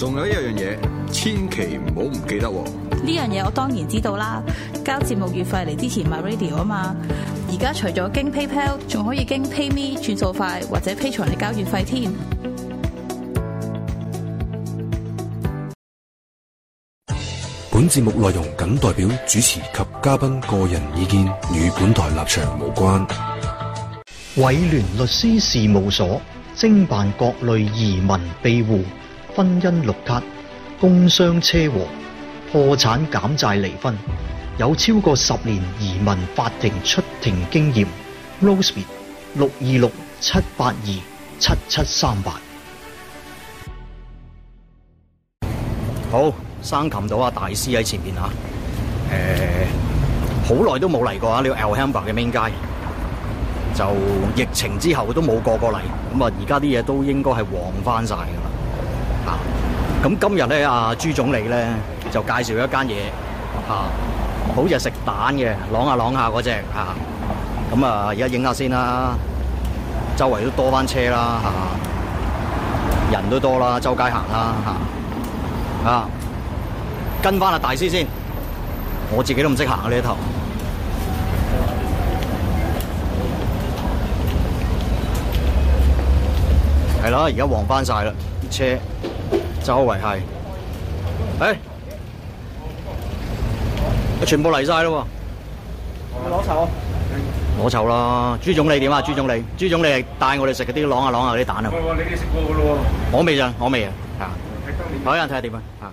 仲有一樣嘢，千祈唔好唔記得。呢樣嘢我當然知道啦，交節目月費嚟支持 MyRadio 啊嘛。而家除咗經 PayPal，仲可以經 PayMe 轉數快，或者 Patreon 嚟交月費添。本節目內容僅代表主持及嘉賓個人意見，與本台立場無關。偉聯律師事務所，精辦各類移民庇護。婚姻、綠卡、工傷、車禍、破產、減債、離婚，有超過十年移民法庭出庭經驗。Rosie 六二六七八二七七三八，好生擒到阿大師喺前面。啊、呃！誒，好耐都冇嚟過啊！呢個 Alhambra 嘅 Main 街，就疫情之後都冇過過嚟，咁啊，而家啲嘢都應該係旺翻晒噶啦。咁、啊、今日咧，阿、啊、朱總理咧就介紹咗一間嘢，嚇、啊，好似食蛋嘅，啷下啷下嗰隻嚇。咁啊，而家影下先啦，周圍都多翻車啦，嚇、啊，人都多啦，周街行啦，嚇、啊，啊，跟翻阿大師先，我自己都唔識行啊。呢頭，係咯，而家旺翻晒啦，啲車。周圍係，誒，全部嚟晒咯，攞籌，攞籌啦！朱總理點啊？朱總理，朱總理係帶我哋食嗰啲朗啊朗啊啲蛋啊，唔係喎，你哋食過噶咯喎，我未啊，我未啊，啊，睇下點啊，睇下點啊，啊。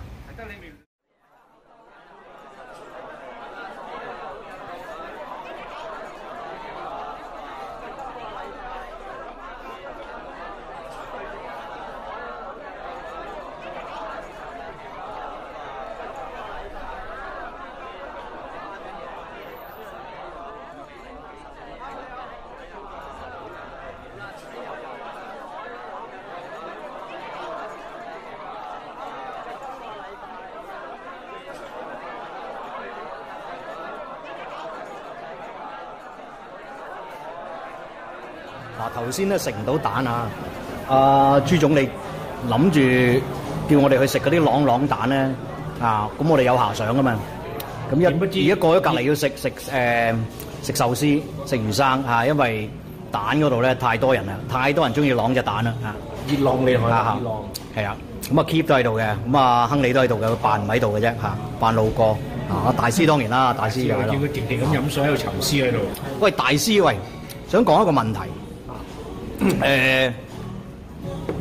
頭先咧食唔到蛋啊！阿朱總你諗住叫我哋去食嗰啲朗朗蛋咧啊？咁我哋有遐想噶嘛？咁一而家過咗隔籬要食食誒食壽司食魚生嚇，因為蛋嗰度咧太多人啦，太多人中意朗隻蛋啦嚇。熱浪厲害啊！熱浪係啊！咁啊 Keith 都喺度嘅，咁啊亨利都喺度嘅，佢扮唔喺度嘅啫嚇，扮路過啊！大師當然啦，大師嚟啦！叫佢靜靜咁飲水喺度沉思喺度。喂，大師喂，想講一個問題。誒、欸、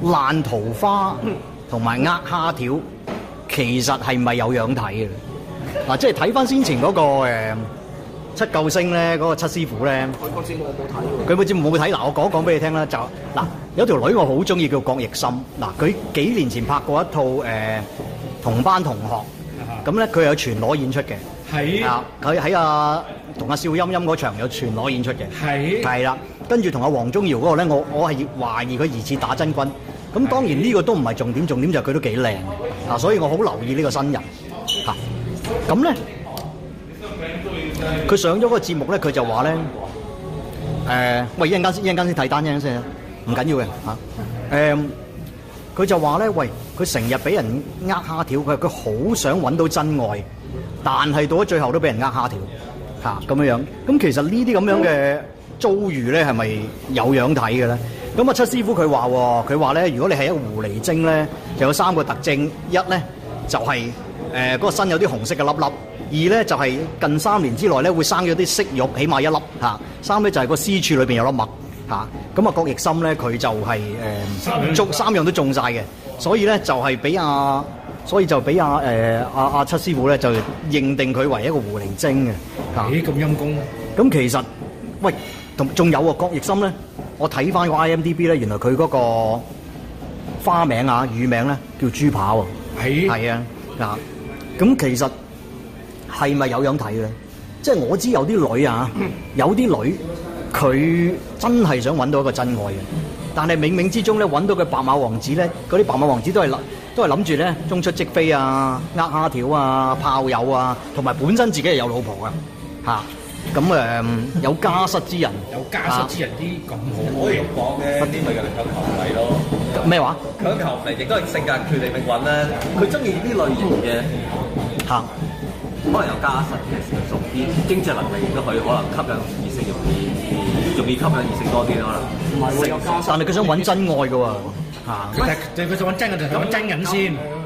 爛桃花同埋呃蝦條，其實係咪有樣睇嘅？嗱、啊，即係睇翻先前嗰、那個、呃、七救星咧，嗰、那個七師傅咧，佢嗰知唔冇睇佢，佢嗰次冇睇，嗱、啊、我講一講俾你聽啦。就嗱、啊、有條女我好中意叫郭奕心，嗱、啊、佢幾年前拍過一套誒、啊、同班同學，咁咧佢有全裸演出嘅。係啊，佢喺阿同阿邵音陰嗰場有全裸演出嘅。係。係啦。跟住同阿王宗堯嗰個咧，我我係懷疑佢疑似打真軍。咁當然呢個都唔係重點，重點就係佢都幾靚。所以我好留意呢個新人。咁咧佢上咗個節目咧，佢就話咧，誒喂，一陣間先，一陣間先睇單，一陣間先。唔緊要嘅嚇。誒，佢就話咧，喂，佢成日俾人呃蝦條，佢佢好想揾到真愛，但係到咗最後都俾人呃蝦條。咁、啊、樣樣，咁其實呢啲咁樣嘅。嗯遭遇咧係咪有樣睇嘅咧？咁啊七師傅佢話佢話咧，如果你係一個狐狸精咧，就有三個特徵：一咧就係誒嗰個身有啲紅色嘅粒粒；二咧就係、是、近三年之內咧會生咗啲色肉，起碼一粒嚇、啊；三咧就係個私處裏邊有粒物嚇。咁啊郭逸森咧佢就係誒中三樣都中晒嘅，所以咧就係俾阿所以就俾阿誒阿阿七師傅咧就認定佢為一個狐狸精嘅嚇。咦咁陰公？咁、欸啊、其實喂。同仲有啊，郭奕森咧，我睇翻個 IMDB 咧，原來佢嗰個花名啊、乳名咧、啊、叫豬扒喎，係啊，嗱，咁、啊、其實係咪有樣睇咧？即係我知道有啲女啊，有啲女佢真係想揾到一個真愛嘅，但係冥冥之中咧揾到佢白馬王子咧，嗰啲白馬王子都係諗，都係諗住咧中出即飛啊、呃蝦條啊、炮友啊，同埋本身自己係有老婆嘅，嚇、啊。咁、嗯、誒有家室之人，有家室之人啲咁、啊、好，好，可以講咧，啲咪叫能夠求愛咯。咩話？求愛求唔嚟，亦都係性格決定命運咧。佢中意啲類型嘅嚇、嗯嗯，可能有家室嘅成熟啲，經濟能力亦都可以可能吸引異性，容易容易吸引異性多啲咯。可能，唔係但係佢想揾真愛嘅喎嚇，佢想揾真嘅，咁，揾真人先。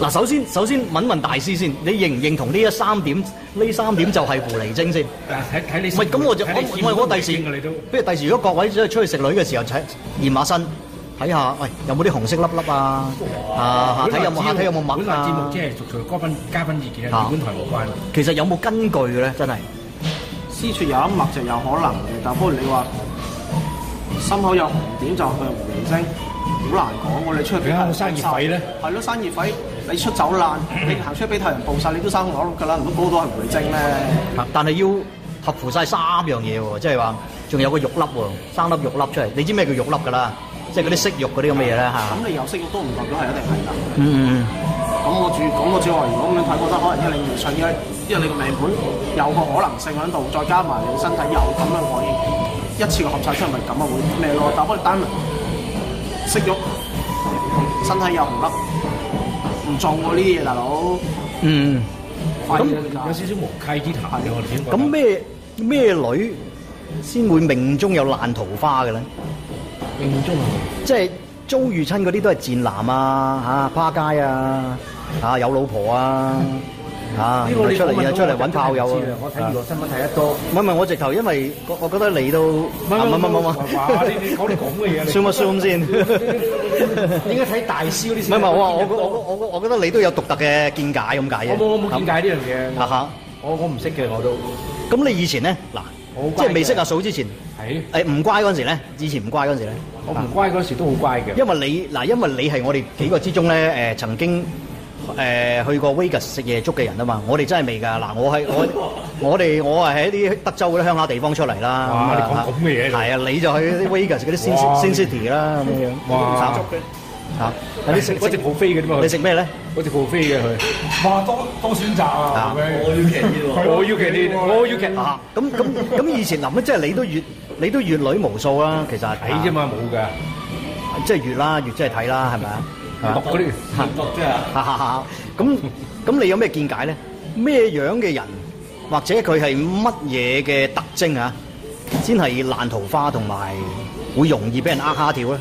嗱，首先首先問問大師先，你認唔認同呢一三點？呢三點就係狐狸精先。但係睇睇你，喂，咁我就我我我第時，不如第時如果各位即係出去食女嘅時候，請驗下身，睇下喂有冇啲紅色粒粒啊？啊，下睇有冇下睇有冇猛啊？即係逐逐嘉賓嘉賓意見啊！本台無關。其實有冇根據嘅咧？真係私處有一抹就有可能嘅，但係不過你話心口有紅點就係狐狸精。好難講，我哋出去俾太陽暴曬咧，係咯，生熱痱。你出走爛，你行出去俾太陽暴曬，你都生唔落嘅啦。唔果嗰度係回精咩？但係要合乎晒三樣嘢喎，即係話仲有個肉粒喎，生粒肉粒出嚟。你知咩叫肉粒噶啦？即係嗰啲息肉嗰啲咁嘅嘢啦吓。咁、嗯嗯嗯、你有息肉都唔代表係一定係噶。嗯咁、嗯、我主要講咗之後，如果咁樣睇，覺得可能一兩年上嘅，因為你個命盤有個可能性喺度，再加埋你的身體又咁樣可以一次過合晒出嚟，咪咁啊會咩咯？但係單。食肉，身體又唔得，唔撞嗰啲嘢，大佬。嗯。咁、這個、有少少無稽之談。咁咩咩女先會命中有爛桃花嘅咧？命中即係遭遇親嗰啲都係賤男啊！嚇、啊，花街啊，嚇、啊、有老婆啊。嗯啊！你出嚟，日日出嚟揾炮友啊！我睇娛樂新聞睇得多。唔係唔係，我直頭因為我覺得你都。唔唔唔唔。講啲咁嘅嘢。燒乜燒咁先？點解睇大燒呢？唔係唔係，我話我我我我覺得你都有獨特嘅見解咁解嘅。我冇我冇見解呢樣嘢。嚇嚇！我我唔識嘅我都。咁你以前咧嗱，即係未識阿嫂之前，誒誒唔乖嗰陣時咧，以前唔乖嗰陣時咧，我唔乖嗰陣時都好乖嘅。因為你嗱，因為你係我哋幾個之中咧，誒曾經。誒去過 Vegas 食夜粥嘅人啊嘛，我哋真係未㗎。嗱，我係我我哋我係喺啲德州嗰啲鄉下地方出嚟啦。哇！你講咁嘅嘢，係啊，你就去啲 Vegas 食嗰啲 Sin City 啦咁樣。哇！食粥嘅嚇，嗱，你食食好飛嘅啲咩？你食咩咧？好似好飛嘅佢。哇！多多選擇啊！我要騎呢個，我要騎呢個，我要騎。嚇！咁咁咁，以前嗱咩，即係你都越你都越女無數啦。其實睇啫嘛，冇㗎，即係越啦，越即係睇啦，係咪啊？啲字幕啫啊！哈哈哈！咁咁，啊就係、 你有咩見解咧？咩樣嘅人或者佢係乜嘢嘅特徵啊？先係爛桃花同埋會容易俾人呃蝦條咧、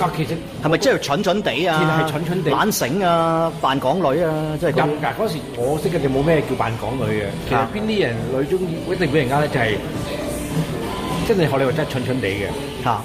啊？其實係咪真係蠢蠢地啊？係蠢蠢地、懶醒啊、扮港女啊，真係咁，嗰時我識嘅就冇咩叫扮港女嘅、啊。其實邊啲人女中意，一定俾人呃咧？就係、即係、真係學你話齋蠢蠢地嘅嚇。啊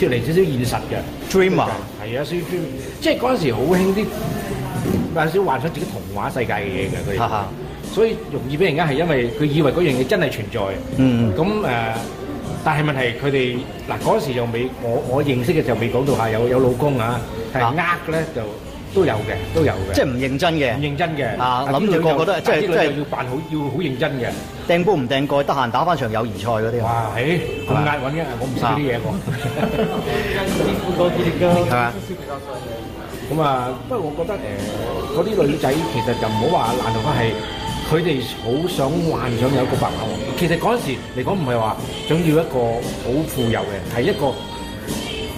少嚟少少現實嘅 dream 啊，係啊少 dream，即係嗰陣時好興啲，有少幻想自己童話世界嘅嘢嘅，佢哋，所以容易俾人家係因為佢以為嗰樣嘢真係存在，嗯，咁誒、呃，但係問題佢哋嗱嗰陣時又未，我我認識嘅就未講到嚇有有老公但啊，係呃嘅咧就。都有嘅，都有嘅，即係唔認真嘅。唔認真嘅啊，諗住個個都即係即係要辦好，要好認真嘅。掟煲唔掟蓋，得閒打翻場友誼賽嗰啲啊。哇，係咁押韻嘅，我唔知啲嘢喎。辛苦過幾年㗎，咁啊，不過我覺得誒，嗰啲女仔其實就唔好話難同佢係，佢哋好想幻想有一個白馬王。其實嗰陣時嚟講唔係話想要一個好富有嘅，係一個。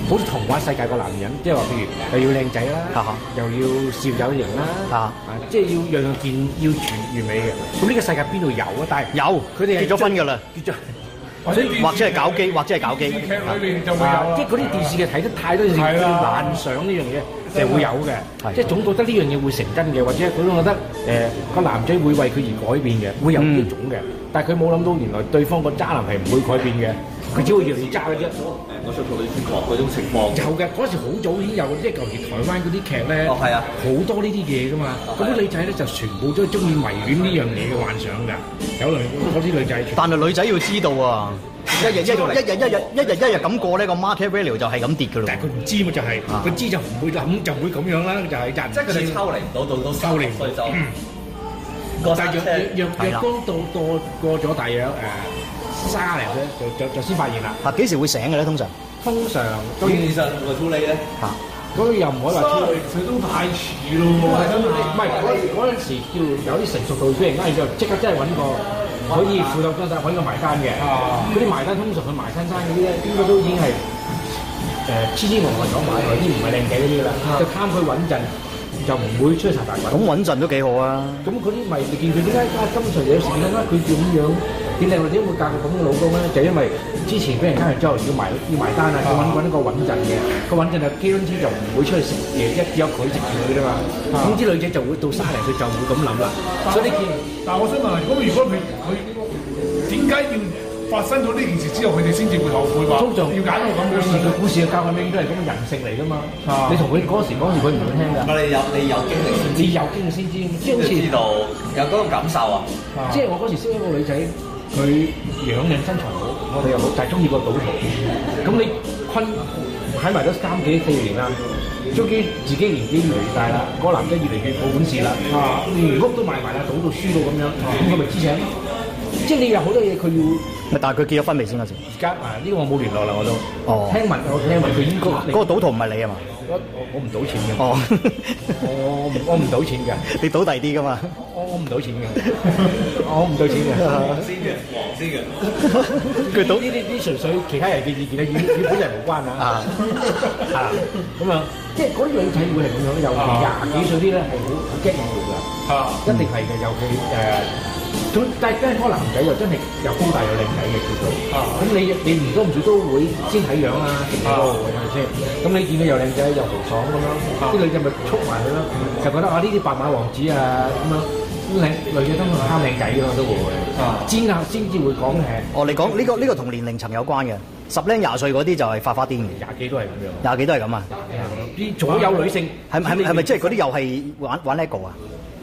好似童話世界個男人，即係話譬如又要靚仔啦、啊，又要笑有型啦、啊啊，啊，即係要樣樣見要全完美嘅。咁呢個世界邊度有啊？但係有，佢哋結咗婚㗎啦，結咗，所以，或者係搞基，或者係搞基。電視劇裏面就係有、啊啊、有，啊、即係嗰啲電視劇睇得太多，就會幻想呢樣嘢，係會有嘅、啊啊。即係總覺得呢樣嘢會成真嘅，或者佢都覺得誒個、呃、男仔會為佢而改變嘅，會有呢種嘅、嗯。但係佢冇諗到，原來對方個渣男係唔會改變嘅。佢只會越嚟越渣嘅啫。誒、嗯，我想同你講嗰種情況。有、嗯、嘅，嗰時好早已經有，即係尤其台灣嗰啲劇咧。哦，係啊。好多、哦、呢啲嘢噶嘛，嗰啲女仔咧就全部都中意迷戀呢樣嘢嘅幻想㗎。有女嗰啲女仔。但係女仔要知道啊，嗯、一日一日一日一日一日咁過呢、個 market value 就係咁跌㗎咯。但係佢唔知嘛、就係啊，就係佢知就唔會咁，就唔會咁樣啦，就係人即係佢哋抽離唔到，到到收嚟，所以就。但係若日光度度過咗，大約誒。沙嚟啫，就就就先發現啦。嚇，幾時會醒嘅咧？通常，通常。其實處理呢咧嚇，嗰又唔可以話。佢都太遲咯，係咁。唔係嗰嗰陣時叫有啲成熟度，跟住就即刻真係揾個可以負擔得、揾個埋單嘅。嗰啲埋單通常佢埋新單嗰啲咧，應該都已經係誒痴痴呆呆想埋台嗰啲唔係靚仔嗰啲啦，就貪佢穩陣。就唔會出去曬大汗，咁穩陣都幾好啊！咁嗰啲迷就見佢點解家今場有事啦？佢點樣見靚女點會嫁個咁嘅老公咧？就因為之前俾人家害咗，要埋要埋單啊！要揾揾一個穩陣嘅，佢穩陣嘅基因天就唔會出去食嘢，一只有佢只女啫嘛。總之女仔就會到卅零歲就唔會咁諗啦。所以你見，但係我想問，如果如果佢佢點解要？發生咗呢件事之後，佢哋先至會後悔話。通常要揀到咁樣嘅故事嘅，教訓咩都係咁人性嚟噶嘛。啊、你同佢嗰時講住，佢唔會聽㗎、啊。你有你有經歷先知，有經歷先知。即係知道有嗰個感受啊。啊啊即係我嗰時識一個女仔，佢樣人身材好，我哋又好，就係中意個賭徒。咁你坤喺埋咗三幾四年啦，終於自己年紀越嚟、嗯、越大啦，嗰個男仔越嚟越冇本事啦、嗯。啊，屋、嗯、都賣埋啦，賭到輸到咁樣，咁佢咪知醒。即係你有好多嘢，佢要咪？但係佢結咗婚未先啊？嗰時而家啊，呢個我冇聯絡啦，我都。哦。聽聞我聽聞佢應該是。嗰、嗰個賭徒唔係你啊嘛？我我唔賭錢嘅。哦我。我我唔我唔賭錢㗎、哦，你賭第二啲㗎嘛我？我我唔賭錢嘅。我唔賭錢嘅。先嘅黃先嘅。佢賭。呢啲呢啲純粹其他人嘅意見啦，與本人，人，人，人無關啊。啊。咁啊，啊，即係嗰啲女仔會係咁樣，尤其廿幾歲啲咧係好好驚嘅。是的啊，嗯、一定係嘅，尤其誒。啊但係嗰個男仔又真係又高大又靚仔嘅叫做，咁、啊、你你唔多唔少都會先睇樣啦，係咪先？咁你見到又靚仔又豪爽咁咯，啲、啊、女仔咪湊埋佢咯，就覺得啊呢啲白馬王子啊咁咯，咁女仔都貪靚仔噶嘛都會，知啊先至會講嘅。哦、啊啊啊，你講呢、呢個呢、呢個同年齡層有關嘅，十零廿歲嗰啲就係發發癲嘅，廿幾都係咁樣，廿幾都係咁啊。廿啲所有女性係咪？係咪即係嗰啲又係玩玩呢個啊？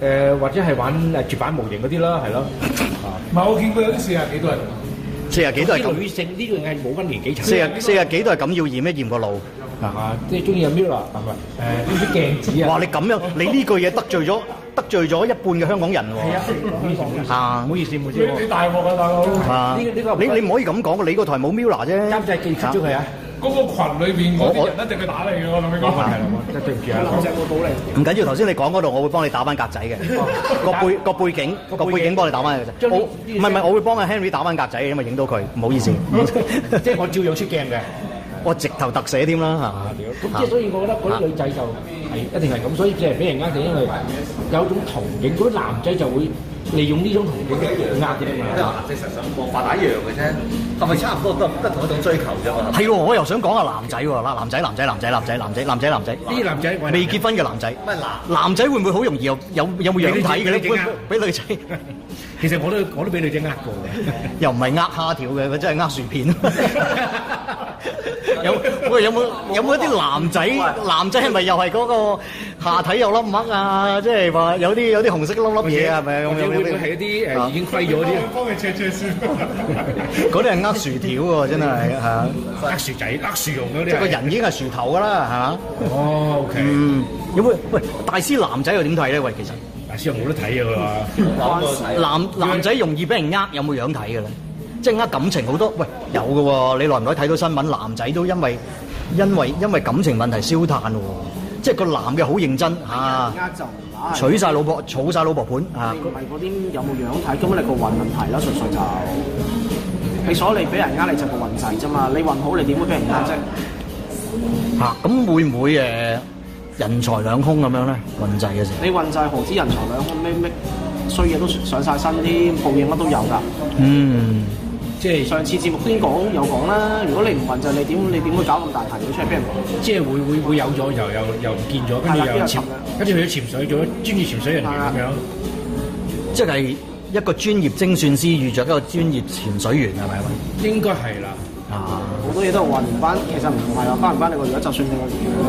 誒或者係玩誒絕版模型嗰啲啦，係咯。唔係我見過有啲四廿幾多人。四廿幾都係女性，呢個嘢冇分年紀層。四廿四廿幾都係咁要驗咩？驗個腦。嗱嚇，即係中意有 Mirror。誒呢啲鏡子。哇！你咁樣，你呢句嘢得罪咗得罪咗一半嘅香港人喎。係啊，唔好意思。嚇，唔好意思，唔好意思。你你大鑊啊大佬！啊，呢呢個你你唔可以咁講嘅，你個台冇 Mirror 啫。監製記出咗佢啊！嗰個羣裏邊嗰啲人一定會打你㗎，我諗你講。對唔住啊，老細，我倒你。唔緊要，頭先你講嗰度，我會幫你打翻格仔嘅。個背個背景個背景幫你打翻佢啫。唔係唔係，我會幫阿 Henry 打翻格仔嘅，因為影到佢。唔好意思，即係我照樣出鏡嘅。我直頭特寫添啦，係嘛？咁即係所以，我覺得嗰啲女仔就係一定係咁，所以即係俾人家定因為有種同儕。嗰啲男仔就會。利用呢種圖片一樣嘅啫嘛，即係、嗯啊、實想模仿一樣嘅啫，係咪、嗯、差唔多都得同一種追求啫？係喎，我又想講下男仔喎，嗱男仔男仔男仔男仔男仔男仔男仔，啲男仔未結婚嘅男仔，男仔會唔會好容易有有有冇樣睇嘅咧？俾、啊、女仔。 其實我都我都俾女仔呃過嘅，又唔係呃蝦條嘅，佢真係呃薯片。 喂有喂有冇、啊、有冇一啲男仔男仔係咪又係嗰個下體有粒黑啊？即係話有啲有啲紅色粒粒嘢啊？咪有冇有冇啲？係啲誒已經廢咗啲，幫你 check check 先。嗰啲係呃薯條喎，真係係，呃薯仔、呃薯蓉嗰啲。即係個人已經係薯頭㗎啦，係嘛？哦，OK。嗯、有冇喂？大師男仔又點睇咧？喂，其實。但係又冇得睇㗎嘛，男男仔容易俾人呃，有冇樣睇㗎咧？即係呃感情好多，喂，有㗎喎！你耐唔耐睇到新聞？男仔都因為因為因為感情問題燒炭喎、啊，即係個男嘅好認真啊，呃嚇、啊，娶晒老婆，儲晒老婆盤嚇。佢係嗰啲有冇樣睇？根本你個運問題啦，純粹就你所你俾人呃你就個運仔啫嘛，你運好你點會俾人呃啫？嚇、啊、咁會唔會誒？人財兩空咁樣咧，運滯嘅時候。你運滯，何止人財兩空？咩咩衰嘢都上晒身添，報應乜都有㗎。嗯，即係。上次節目先講有講啦，如果你唔運滯，你點你點會搞咁大排料出嚟俾人話？即係會會會有咗，又又又唔見咗，跟住又潛啦，跟住去潛水做咗專業潛水人員咁樣。即係一個專業精算師遇着一個專業潛水員係咪啊？應該係啦。啊！好多嘢都係運翻，其實唔係話翻唔翻你個。如果就算你個樣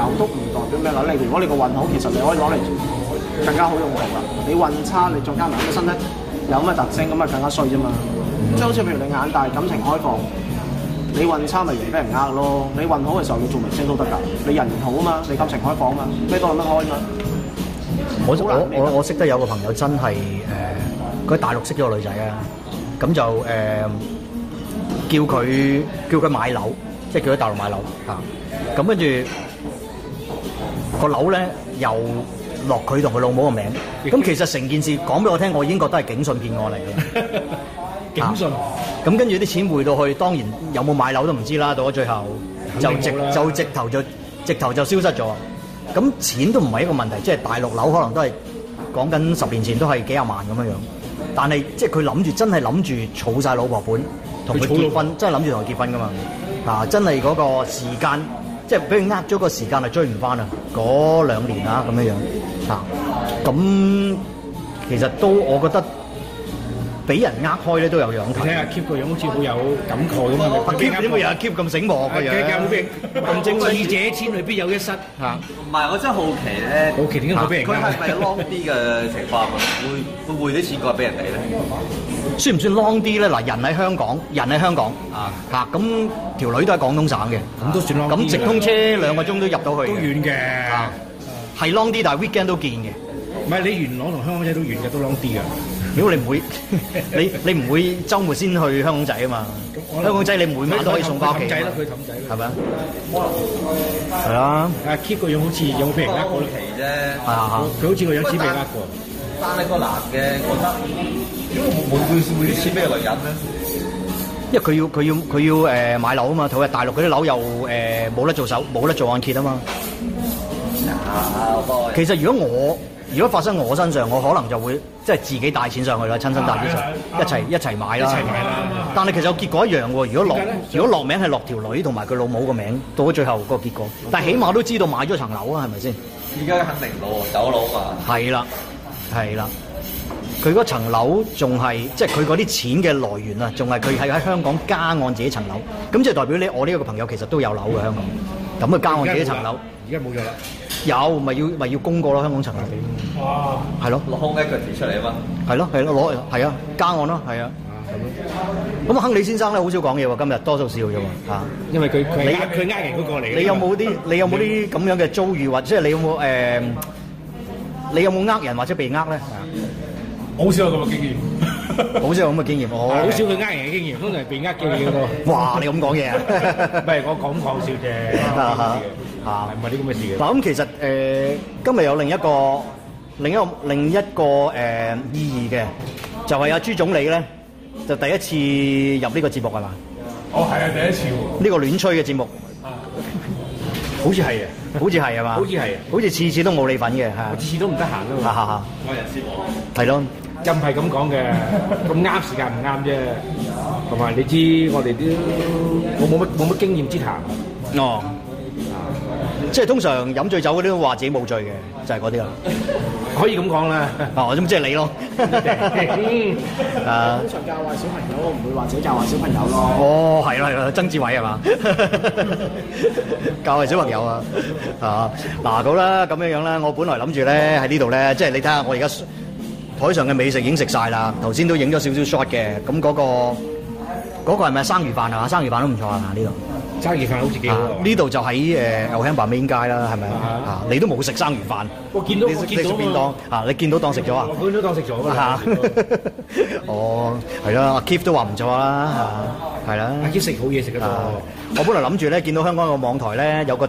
有都唔代表咩啦。如果你個運好，其實你可以攞嚟做更加好用途啦，你運差，你再加埋個身呢，有咩特徵，咁咪更加衰啫嘛。即係好似譬如你眼大，感情開放，你運差咪容易俾人呃咯。你運好嘅時候，你做明星都得噶。你人好啊嘛，你感情開放啊嘛，咩都諗得開啊嘛。我我我，我識得有個朋友真係誒，佢、呃、大陸識咗個女仔啊，咁就、呃叫佢叫佢買樓，即係叫佢大陸買樓啊！咁跟住、個樓咧又落佢同佢老母個名，咁 其實成件事講俾我聽，我已經覺得係警訊騙案嚟嘅。 警訊、啊，咁、啊、跟住啲錢匯到去，當然有冇買樓都唔知啦。到咗最後就直就直頭就直頭就消失咗。咁錢都唔係一個問題，即係大陸樓可能都係講緊十年前都係幾廿萬咁樣樣，但係即係佢諗住真係諗住儲晒老婆本。同佢結,結婚，真係諗住同佢結婚噶嘛？啊，真係嗰個時間，即係俾佢呃咗個時間是，係追唔翻啊！嗰兩年啦，咁樣樣啊，咁其實都我覺得俾人呃開咧都有你看、啊、樣睇。睇下 keep 個樣好似好有感慨咁樣。keep 因阿 keep 咁醒目嘅樣 k 智者千慮必有一失嚇。唔係，我真係好奇咧，好奇他他 點解俾人？佢係咪長啲嘅情況，會會匯啲錢過俾人哋咧？ 算唔算 long 啲咧？嗱，人喺香港，人喺香港啊，嚇咁條女都喺廣東省嘅，咁、啊、都算 long 啲。咁、啊、直通車兩個鐘都入到去，都遠嘅。係 long 啲，但係 weekend 都見嘅。唔係你元朗同香港仔都遠嘅，都 long 啲嘅。如果你唔會， 你你唔會周末先去香港仔啊嘛？香港仔你每晚都可以送翻屋企。氹仔咯，佢氹仔。係咪啊？係啊。阿 Keith 個樣好似有俾人呃過啫。係啊！佢、啊啊啊、好似個樣似俾呃過。但係個男嘅，覺得。啊會會會用啲咩嚟，人咧？因為佢要佢要佢要誒、呃、買樓啊嘛，同埋大陸嗰啲樓又誒冇、呃、得做手，冇得做按揭啊嘛。其實如果我如果發生我身上，我可能就會即係自己帶錢上去啦，親身帶啲錢上，一齊一齊買啦。一齊買啦！但係其實有結果一樣喎。如果落如果落名係落條女同埋佢老母個名，到咗最後個結果，但係起碼都知道買咗層樓啊，係咪先？而家肯定老，走佬嘛。係啦，係啦。佢嗰層樓仲係，即係佢嗰啲錢嘅來源啊，仲係佢係喺香港加按自己層樓，咁即係代表呢，我呢個朋友其實都有樓嘅香港，咁、嗯、啊加按自己層樓，而家冇咗啦，有咪要咪要供過咯香港層樓，哇，係咯，攞空一個字出嚟啊嘛，係咯係咯，攞係啊加按咯係啊，咁啊，咁亨利先生咧好少講嘢喎今日，多數少啫喎，因為佢佢佢呃人佢過嚟，你有冇啲你有冇啲咁樣嘅遭遇或者係你有冇誒，你有冇呃人或者被呃咧？好少有咁嘅經, 經驗，好少有咁嘅經驗。好少佢呃人嘅經驗，通常係被呃經驗喎。 哇！你咁講嘢啊？唔 係我講講笑啫。嚇嚇嚇，唔係啲咁嘅事。嗱 咁其實誒、呃，今日有另一個另一個另一個誒、呃、意義嘅，就係、是、阿、啊、朱總理咧，就第一次入呢個節目係嘛？哦，係啊，第一次喎、哦。呢、這個亂吹嘅節目， 好似係啊，好似係係嘛？好似係，好似次次都冇你份嘅嚇。次次都唔得閒㗎嘛。嚇嚇嚇！講。係咯。唔係咁講嘅，咁啱時間唔啱啫。同埋你知我哋都冇冇乜冇乜經驗之談。哦，啊，即係通常飲醉酒嗰啲都話自己冇醉嘅，就係嗰啲啦。可以咁講啦。哦，咁即係你咯。嗯。啊。通常教壞小朋友，我唔會話自己教壞小朋友咯。哦，係啦係啦，曾志偉係嘛？教壞小朋友啊，啊嗱好啦，咁樣樣啦，我本來諗住咧喺呢度咧，即係你睇下我而家。海上嘅美食已經食曬啦，頭先都影咗少少 shot 嘅，咁嗰個嗰個係咪生魚飯啊？生魚飯都唔錯啊，呢度生魚飯好似幾好。呢度就喺誒牛香巴面街啦，係咪啊？你都冇食生魚飯，我見到你食便當啊，你見到當食咗啊？我見到當食咗啦。哦，係啦，阿 Keith 都話唔錯啦，係啦。Keith 食好嘢食得多。我本來諗住咧，見到香港個網台咧有個。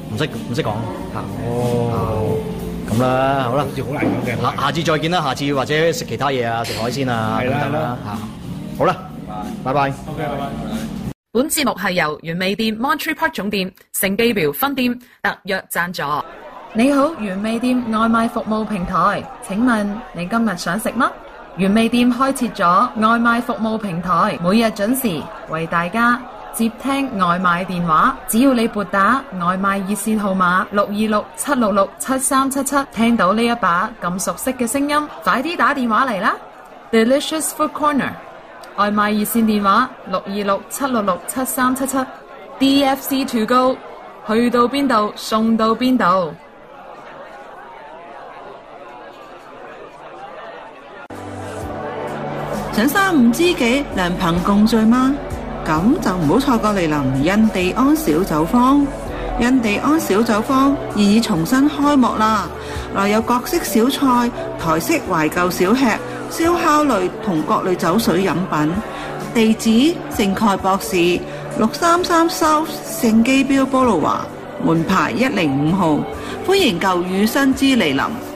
唔識唔識講吓，哦，咁啦，好啦，好似好難講嘅，下次再見啦，下次或者食其他嘢啊，食海鮮啊，係啦啦嚇，好啦，拜拜，okay，拜拜。拜拜。本節目係由原味店 Monterey Park 總店、盛記廟分店特約贊助。你好，原味店外賣服務平台，請問你今日想食乜？原味店開設咗外賣服務平台，每日準時為大家。接聽外賣電話，只要你撥打外賣熱線號碼六二六七六六七三七七，聽到呢一把咁熟悉嘅聲音，快啲打電話嚟啦！Delicious Food Corner，外賣熱線電話六二六七六六七三七七，DFC To Go，去到邊度，送到邊度？想三五知己良朋共聚嗎？咁就唔好錯過嚟臨印地安小酒坊，印地安小酒坊現已重新開幕啦，內有各式小菜、台式懷舊小吃、燒烤類同各類酒水飲品。地址：聖蓋博士六三三 South 聖基標菠蘿華，門牌一零五號，歡迎舊雨新知嚟臨。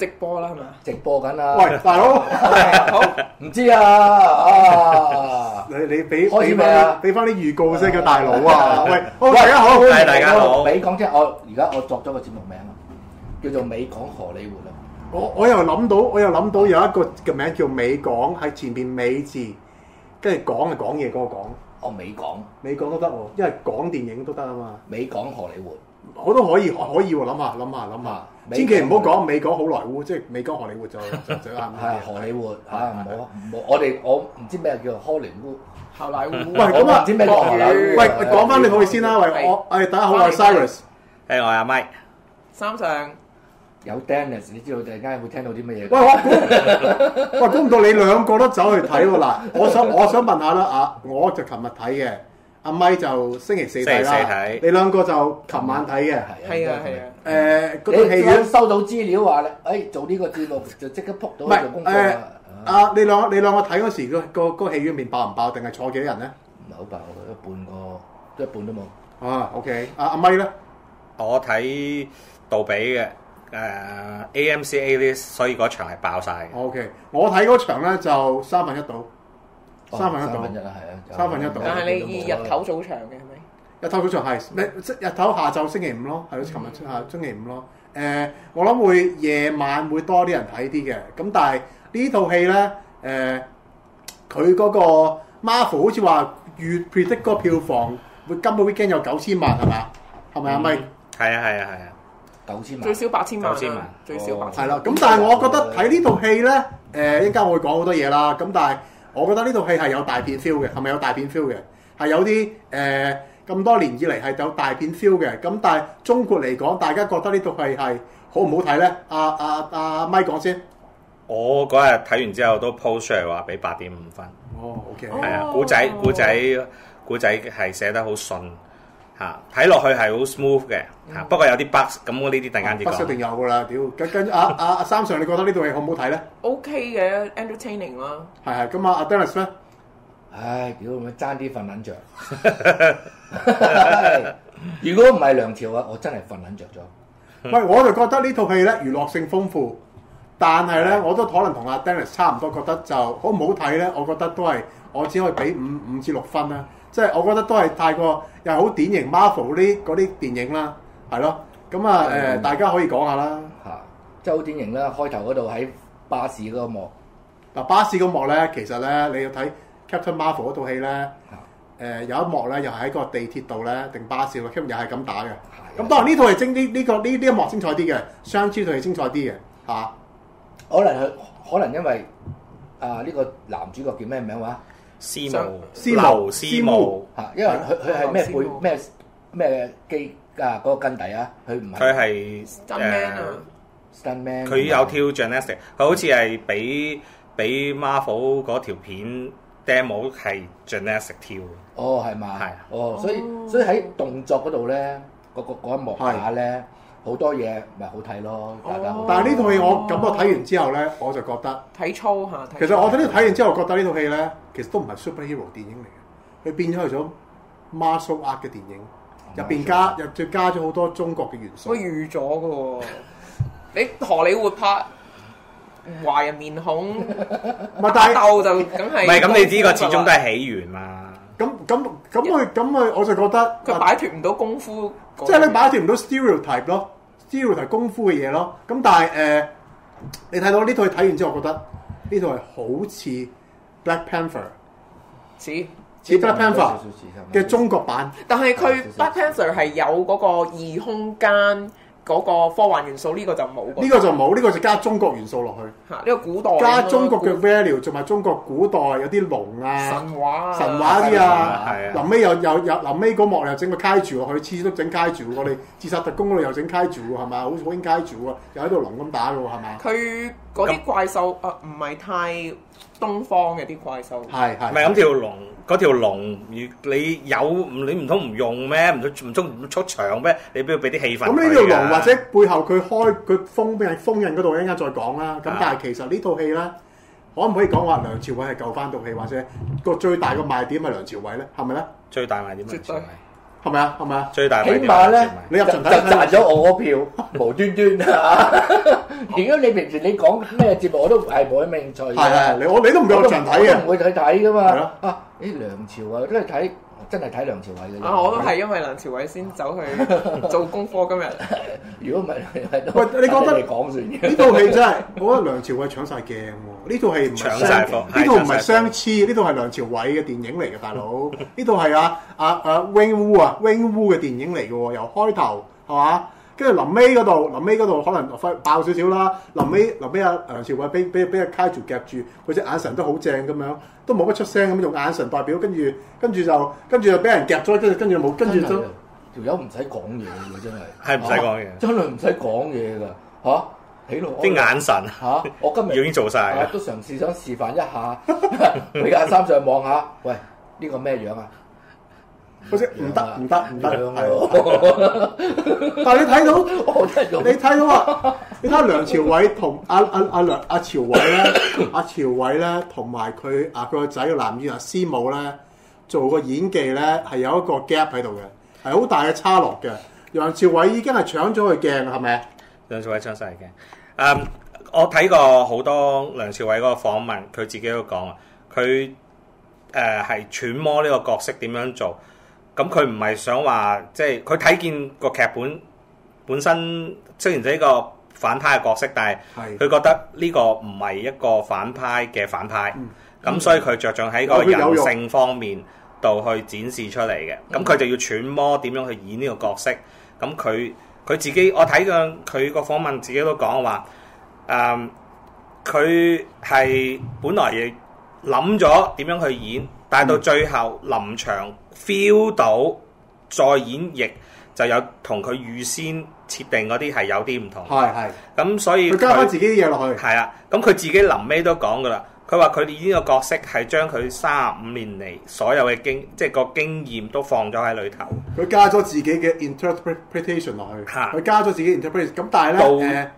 直播啦嘛，直播緊啊！喂，大佬，好唔知啊！你你俾俾翻俾翻啲預告先啊，大佬啊！喂喂，大家好，大家好！美港啫，我而家我作咗個節目名啊，叫做美港荷李活啦。我我又諗到，我又諗到有一個嘅名叫美港喺前邊美字，跟住講係講嘢嗰個講。哦，美港，美港都得喎，因為講電影都得啊嘛。美港荷李活，我都可以，可以喎，諗下諗下諗下。千祈唔好講美國好萊塢，即係美國荷里活就 就係啦。係荷里活嚇，唔好。我哋我唔知咩叫荷里活、好萊塢。喂，咁唔知咩。喂，講翻你好意思啦。喂，我係大家好，我係 Cyrus。誒，我係阿 Mike。三上有 Dennis 你知道大家、欸哎、有冇聽到啲乜嘢？喂，我、哎我，我，SIRIS，我 Mike、Dennis, 喂，估唔到你兩個都走去睇喎。嗱，我想我想問下啦，啊，我就琴日睇嘅，阿 Mike 就星期四睇啦，你兩個就琴晚睇嘅。係啊，係啊。誒、呃，嗰、嗯、戲、那個、院收到資料話咧，誒、哎、做呢個節目就即刻撲到唔係誒，啊！你兩你兩我睇嗰時候，那個、那個戲院面爆唔爆？定係坐幾多人咧？唔係好爆一半個，一半、哦、都冇。啊，OK，阿阿 Mike 咧，我睇杜比嘅誒、啊、AMCA 啲，所以嗰場係爆晒。OK，我睇嗰場咧就三分一度。三分一度、哦，三分一度，但係你二日頭早場嘅。日頭早上係，日日頭下晝星期五咯，係咯，琴日下星期五咯。誒，我諗會夜晚會多啲人睇啲嘅。咁但係呢套戲咧，誒，佢嗰個 Marvel 好似話預 predict 嗰個票房會今個 Weekend 有九千萬係嘛？係咪啊？咪係啊係啊係啊，九千萬最少八千萬啦，最少八千萬。係啦，咁但係我覺得睇呢套戲咧，誒，一陣間我會講好多嘢啦。咁但係我覺得呢套戲係有大片 feel 嘅，係咪有大片 feel 嘅？係有啲誒。咁多年以嚟係有大片 feel 嘅，咁但係中國嚟講，大家覺得好好呢套戲係好唔好睇咧？阿阿阿 Mike 講先，我嗰日睇完之後都 post 出嚟話俾八點五分。Oh, okay. 哦，OK，係啊，古仔古仔故仔係寫得好順嚇，睇落去係好 smooth 嘅嚇、嗯。不過有啲 bug 咁我呢啲突然間啲 bug 一、啊、定有㗎啦。屌、 啊，跟跟阿阿阿三上你覺得好好呢套戲好唔好睇咧？OK 嘅，entertaining 啦。係係，咁阿阿 Dennis 咧？啊唉，屌！爭啲瞓撚着，如果唔係梁朝啊，我真係瞓撚着咗。喂，我就覺得呢套戲咧，娛樂性豐富，但係咧，我都可能同阿 Dennis 差唔多，覺得就好唔好睇咧。我覺得都係，我只可以俾五五至六分啦。即係我覺得都係太過又係好典型 Marvel 嗰啲嗰啲電影啦，係咯。咁啊誒，大家可以講下啦。即係好典型啦，開頭嗰度喺巴士嗰幕。嗱，巴士嗰幕咧，其實咧你要睇。Captain Marvel 嗰套戲咧，誒、嗯呃、有一幕咧，又喺個地鐵度咧，定巴士，又係咁打嘅。咁、嗯嗯、當然呢套係精啲，呢、這個呢呢一幕精彩啲嘅，相處套戲精彩啲嘅嚇。可能係可能因為啊呢、呃這個男主角叫咩名話？思慕思慕思慕嚇，因為佢佢係咩背咩咩機啊嗰、那個根底啊，佢唔佢係誒，佢、uh, uh, stuntman stuntman 有挑戰 nest 佢好似係比、嗯、比 Marvel 嗰條片。鏡舞係 gymnastic 跳哦係嘛，哦，哦所以所以喺動作嗰度咧，嗰、嗰、一、個嗰個、幕下咧好多嘢，咪好睇咯，但係呢套戲我感覺睇完之後咧，我就覺得體操吓，其實我喺呢度睇完之後覺得這呢套戲咧，其實都唔係 superhero 電影嚟嘅，佢變咗去咗 martial art 嘅電影，入、嗯、邊加入再加咗好多中國嘅元素，我預咗嘅， 你荷里活拍？華人面孔，咪但係鬥就，咁係，唔係咁你知個始終都係起源啦。咁咁咁佢咁佢，我就覺得佢擺脫唔到功夫，即係你擺脫唔到 stereotype 咯，stereotype 功夫嘅嘢咯。咁但係誒、呃，你睇到呢套睇完之後，我覺得呢套係好似 Black Panther，似似 Black Panther 嘅中國版，但係佢 Black Panther 係有嗰個異空間。嗰、那個科幻元素呢、這個就冇，呢、這個就冇，呢、這個就加中國元素落去。吓、啊、呢、這個古代加中國嘅 value，仲埋中國古代有啲龍啊，神話、啊、神話啲啊。係啊，臨尾又又又臨尾嗰幕又整個 Kaiju 落去，次次都整 Kaiju，我哋《自殺特工》度又整 Kaiju 喎，係咪？好似 Win Kaiju 喎，又喺度龍咁打咯，係嘛？佢。嗰啲怪獸啊，唔係太東方嘅啲怪獸，係係係咁條龍。嗰條龍，你有你唔通唔用咩？唔通唔通唔出場咩？你都要俾啲氣氛條龍。咁呢條龍或者背後佢開佢封封印嗰度，一陣間再講啦。咁但係其實呢套戲咧，可唔可以講話梁朝偉係救翻套戲，或者個最大嘅賣點係梁朝偉咧？係咪咧？最大賣點係梁朝偉。係咪啊？係咪啊？最大的起碼咧，你入場睇就賺咗我票， 無端端嚇！啊、 如果你平時你講咩節目我都唔係冇興趣，你我你都唔畀我睇嘅，唔、啊、會去睇噶嘛。啊！啲、哎、梁朝啊都係睇。真係睇梁朝偉嘅。啊，我都係因為梁朝偉先走去做功課今日。 如果唔係，喂，你覺得呢套戲真係？我覺得梁朝偉搶晒鏡喎。呢套戲唔係搶晒鏡，呢套唔係尚氣。呢套係梁朝偉嘅電影嚟嘅，大佬。呢套係啊啊啊 Wenwu 啊 Wenwu 嘅電影嚟嘅，由開頭係嘛？跟住臨尾嗰度，臨尾嗰度可能快爆少少啦。臨尾臨尾阿梁朝偉俾俾俾阿 Kaiju 夾住，佢隻眼神都好正咁樣，都冇乜出聲咁用眼神代表。跟住跟住就跟住就俾人夾咗，跟住跟住冇跟住就。條友唔使講嘢真係係唔使講嘢，真係唔使講嘢㗎嚇。啲、啊啊啊、眼神吓、啊？我今日 已經做曬、啊，都嘗試想示範一下， 你眼三上望下。喂，呢、呢個咩樣啊？好似唔得唔得唔得，係。 哎哎、 但你睇看到，我 冇、哦、聽到。你睇到啊？你睇下梁朝偉同阿阿阿梁阿朝偉咧，阿、啊、朝偉咧，同埋佢啊佢個仔個男二阿師母咧，做個演技咧係有一個 gap 喺度嘅，係好大嘅差落嘅。梁朝偉已經係搶咗佢鏡，係咪？梁朝偉搶晒鏡。誒、um,，我睇過好多梁朝偉嗰個訪問，佢自己都講啊，佢誒係揣摩呢個角色點樣做。咁佢唔係想話，即係佢睇見個劇本本身雖然係一個反派嘅角色，但係佢覺得呢個唔係一個反派嘅反派，咁、嗯嗯、所以佢着重喺個人性方面度去展示出嚟嘅。咁佢就要揣摩點樣去演呢個角色。咁佢佢自己，我睇過佢個訪問，自己都講話，佢、嗯、係本來諗咗點樣去演，但係到最後臨場，feel 到再演繹就有同佢預先設定嗰啲係有啲唔同，係係咁所以佢加返自己啲嘢落去，係啦。咁佢自己臨尾都講㗎喇，佢話佢演呢個角色係將佢三十五年嚟所有嘅經，即係個經驗都放咗喺裡頭。佢加咗自己嘅 interpretation 落去，佢加咗自己 interpretation 咁，但係咧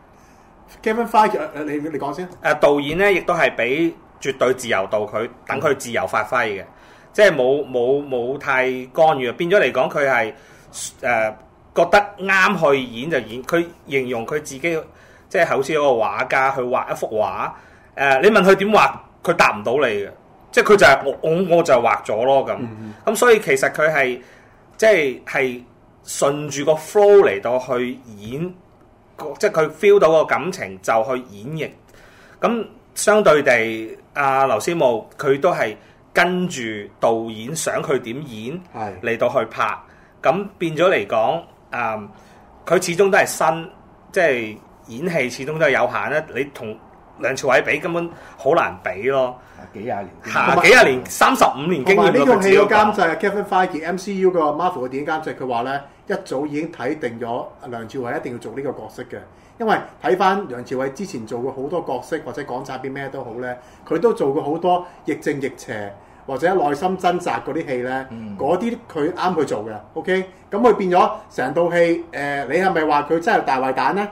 誒，Kevin Feige，呃，你你講先。誒導演咧，亦都係俾絕對自由度佢，佢等佢自由發揮嘅。即係冇冇冇太干預啊！變咗嚟講，佢係誒覺得啱去演就演。佢形容佢自己即係好似一個畫家去畫一幅畫。誒、呃，你問佢點畫，佢答唔到你嘅。即係佢就係、係、我我我就畫咗咯咁。咁所以其實佢係即係係順住個 flow 嚟到去演，即係佢 feel 到個感情就去演繹。咁相對地，阿、啊、劉思慕佢都係。跟住導演想佢點演，嚟到去拍，咁變咗嚟講，嗯，佢始終都係新，即係演戲始終都係有限啦，你同。梁朝偉比根本好難比咯，幾廿年，下幾廿年，幾十年，三,十年三十五年經驗嘅都知道。同埋呢個戲嘅監製 Kevin Feige MCU 嘅 Marvel 嘅電影監製，佢話咧一早已經睇定咗梁朝偉一定要做呢個角色嘅，因為睇翻梁朝偉之前做過好多角色或者講真啲咩都好咧，佢都做過好多亦正亦邪或者內心掙扎嗰啲戲咧，嗰啲佢啱佢做嘅。OK，咁佢變咗成套戲，誒、呃，你係咪話佢真係大壞蛋咧？誒、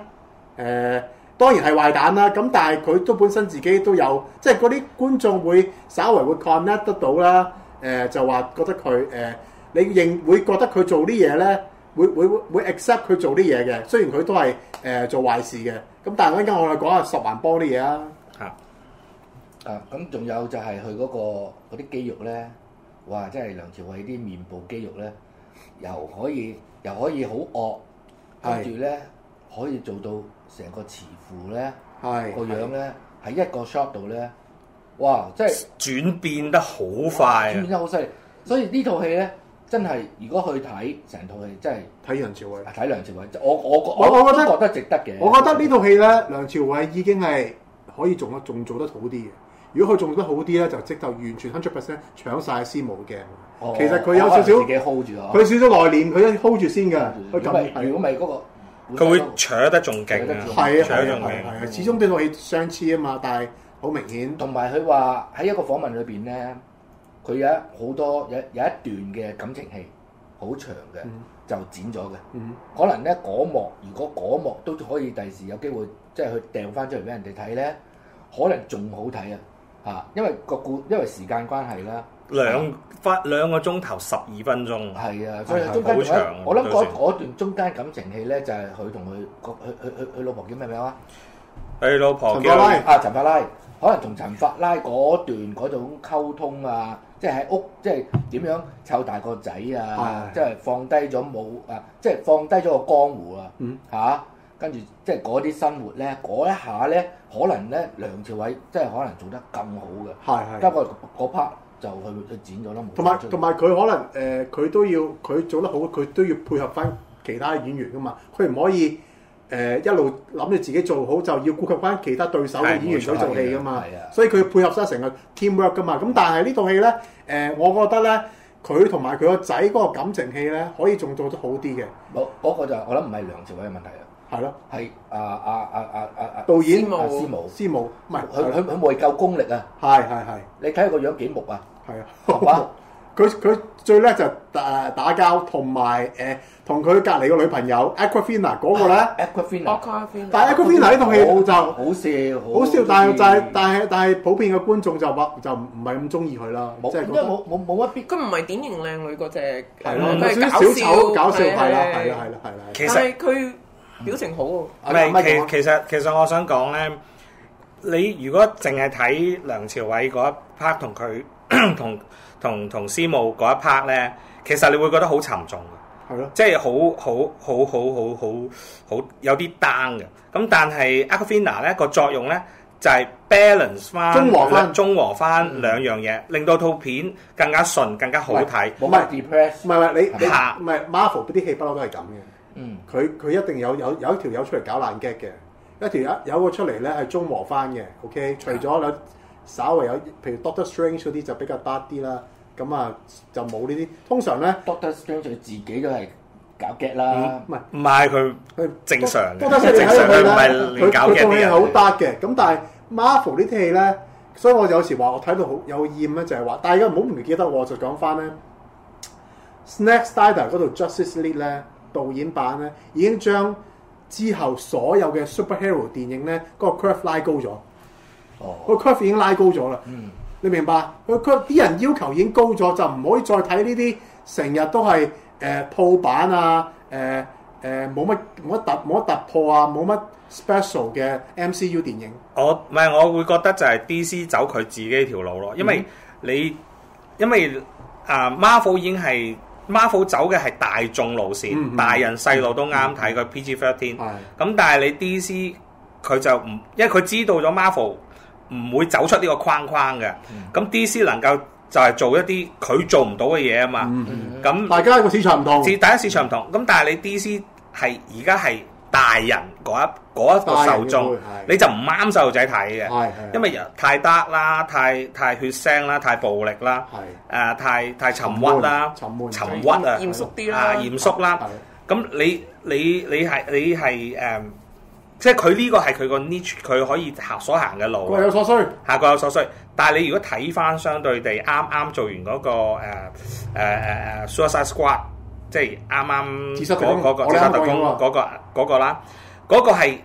呃。當然係壞蛋啦，咁但係佢都本身自己都有，即係嗰啲觀眾會稍為會 connect 得到啦。誒、呃、就話覺得佢誒、呃，你認會覺得佢做啲嘢咧，會會會 accept 佢做啲嘢嘅。雖然佢都係誒、呃、做壞事嘅，咁但係我陣間我哋講下十環波啲嘢啊。嚇、啊！啊咁，仲有就係佢嗰個嗰啲肌肉咧，哇！真係梁朝偉啲面部肌肉咧，又可以又可以好惡，跟住咧可以做到成個詞。胡咧，個樣咧喺一個 shot 度咧，哇！即係轉變得好快，轉變得好犀利。所以呢套戲咧，真係如果去睇成套戲，真係睇梁朝偉，睇梁朝偉。我我我我，我覺得我覺得值得嘅。我覺得呢套戲咧，梁朝偉已經係可以做得，仲做得好啲嘅。如果佢做得好啲咧，就即刻完全 hundred percent 搶晒思慕鏡。其實佢有少少自己 hold 住啊，佢少少內斂，佢、哦、一 hold 住、嗯、先嘅。佢咁，如果唔係嗰個。佢會搶得仲勁啊！係啊，係啊，係啊，始終都同佢相似啊嘛。但係好明顯，同埋佢話喺一個訪問裏邊咧，佢有一好多有有一段嘅感情戲，好長嘅就剪咗嘅、嗯。可能咧嗰幕，如果嗰幕都可以第時有機會即係去掟翻出嚟俾人哋睇咧，可能仲好睇啊！嚇，因為個故，因為時間關係啦。兩、啊、分兩個鐘頭十二分鐘，係啊，所以中間我諗嗰段中間感情戲咧，就係佢同佢佢佢佢老婆叫咩名啊？佢、hey, 老婆叫啊陳法拉，可能同陳法拉嗰段嗰種、嗯、溝通啊，即係喺屋，即係點樣湊大個仔啊，即、嗯、係、就係、放低咗冇啊，即、就、係、係、放低咗個江湖啊，嗯跟住即係嗰啲生活咧，嗰一下咧，可能咧梁朝偉真係可能做得更好嘅，係，不過嗰 part。就去去剪咗啦。同埋同埋佢可能誒佢、呃、都要佢做得好，佢都要配合翻其他演員噶嘛。佢唔可以誒、呃、一路諗住自己做好，就要顧及翻其他對手嘅演員去做戲噶嘛。所以佢配合晒成個 teamwork 噶嘛。咁但係呢套戲咧，誒、呃、我覺得咧，佢同埋佢個仔嗰個感情戲咧，可以仲做得好啲嘅。冇、那、嗰、個、就我諗唔係梁朝偉嘅問題啦。係咯、啊，係啊啊啊啊啊！導演啊，師母，司母，司母，師母，唔係佢佢佢未夠功力啊！係係係，你睇個樣幾木啊！係啊，啊，啊，佢佢最叻就係打交同埋同佢隔離個女朋友 Aquafina 嗰個咧，Aquafina，但 Aquafina 呢套戲就好笑，好笑，但就係、是、但係但普遍嘅觀眾就話就唔係咁中意佢啦，冇冇冇冇乜邊，佢唔係典型靚女嗰隻，係咯，console, 啊嗯、小小醜搞笑係啦係啦係啦，其實佢。表情好喎！唔係其其實其實我想講咧、嗯，你如果淨係睇梁朝偉嗰一 part 同佢同同同施武嗰一 part 咧，其實你會覺得好沉重嘅，係咯，即、就、係、是、好好好好好好好有啲 down 嘅。咁但係 Awkwafina 咧個作用咧、嗯、就係、是、balance 翻中和翻，中和翻兩樣嘢、嗯，令到套片更加順、更加好睇。冇乜 depress，唔係你你唔係 Marvel 嗰啲戲不嬲都係咁嘅。嗯，佢佢一定有有有一條友出嚟搞爛 gag 嘅，一條友有一個出嚟咧係中和翻嘅，OK 除。除咗有稍為有，譬如 Doctor Strange 嗰啲就比較 dark 啲啦。咁啊就冇呢啲。通常咧 Doctor Strange 自己都係搞 gag 啦。唔係唔係佢佢正常。Doctor Strange 正常，唔係佢搞 gag 佢好 dark 嘅。咁但係 Marvel 呢啲戲咧，所以我有時話我睇到好有厭咧，就係話，大家唔好唔記得我就講翻咧，Snyder Cut 嗰度 Justice League 咧。導演版咧已經將之後所有嘅 Superhero 電影咧嗰、那個 curve 拉高咗，哦，個 curve 已經拉高咗啦、嗯。你明白？佢個 curve 啲人要求已經高咗，就唔可以再睇呢啲成日都係誒、呃、鋪版啊誒誒冇乜冇乜突冇乜突破啊，冇乜 special 嘅 MCU 電影。我唔係我會覺得就係 DC 走佢自己條路咯，因為你因為啊 Marvel 已經係。Marvel 走嘅係大眾路線，嗯嗯、大人、嗯、細路都啱睇佢 PG thirteen，咁但係你 DC 佢就唔，因為佢知道咗 Marvel 唔會走出呢個框框嘅，咁、嗯、DC 能夠就係做一啲佢做唔到嘅嘢啊嘛，咁、嗯、大家個市場唔同，大家市場唔同，咁但係你 DC 係而家係大人嗰一。嗰一個受眾你就唔啱細路仔睇嘅，因為又太 dark 啦、太太血腥啦、太暴力啦、誒、太太沉鬱啦、沉鬱啊、嚴肅啲啦、嚴肅啦。咁你你你係你係誒，即係佢呢個係佢個 niche，佢可以行所行嘅路，各有所需吓各有所需。但係你如果睇翻相對地啱啱做完嗰個誒誒誒誒 Suicide Squad，即係啱啱嗰嗰個《絕殺特工》嗰個嗰個啦，嗰個係。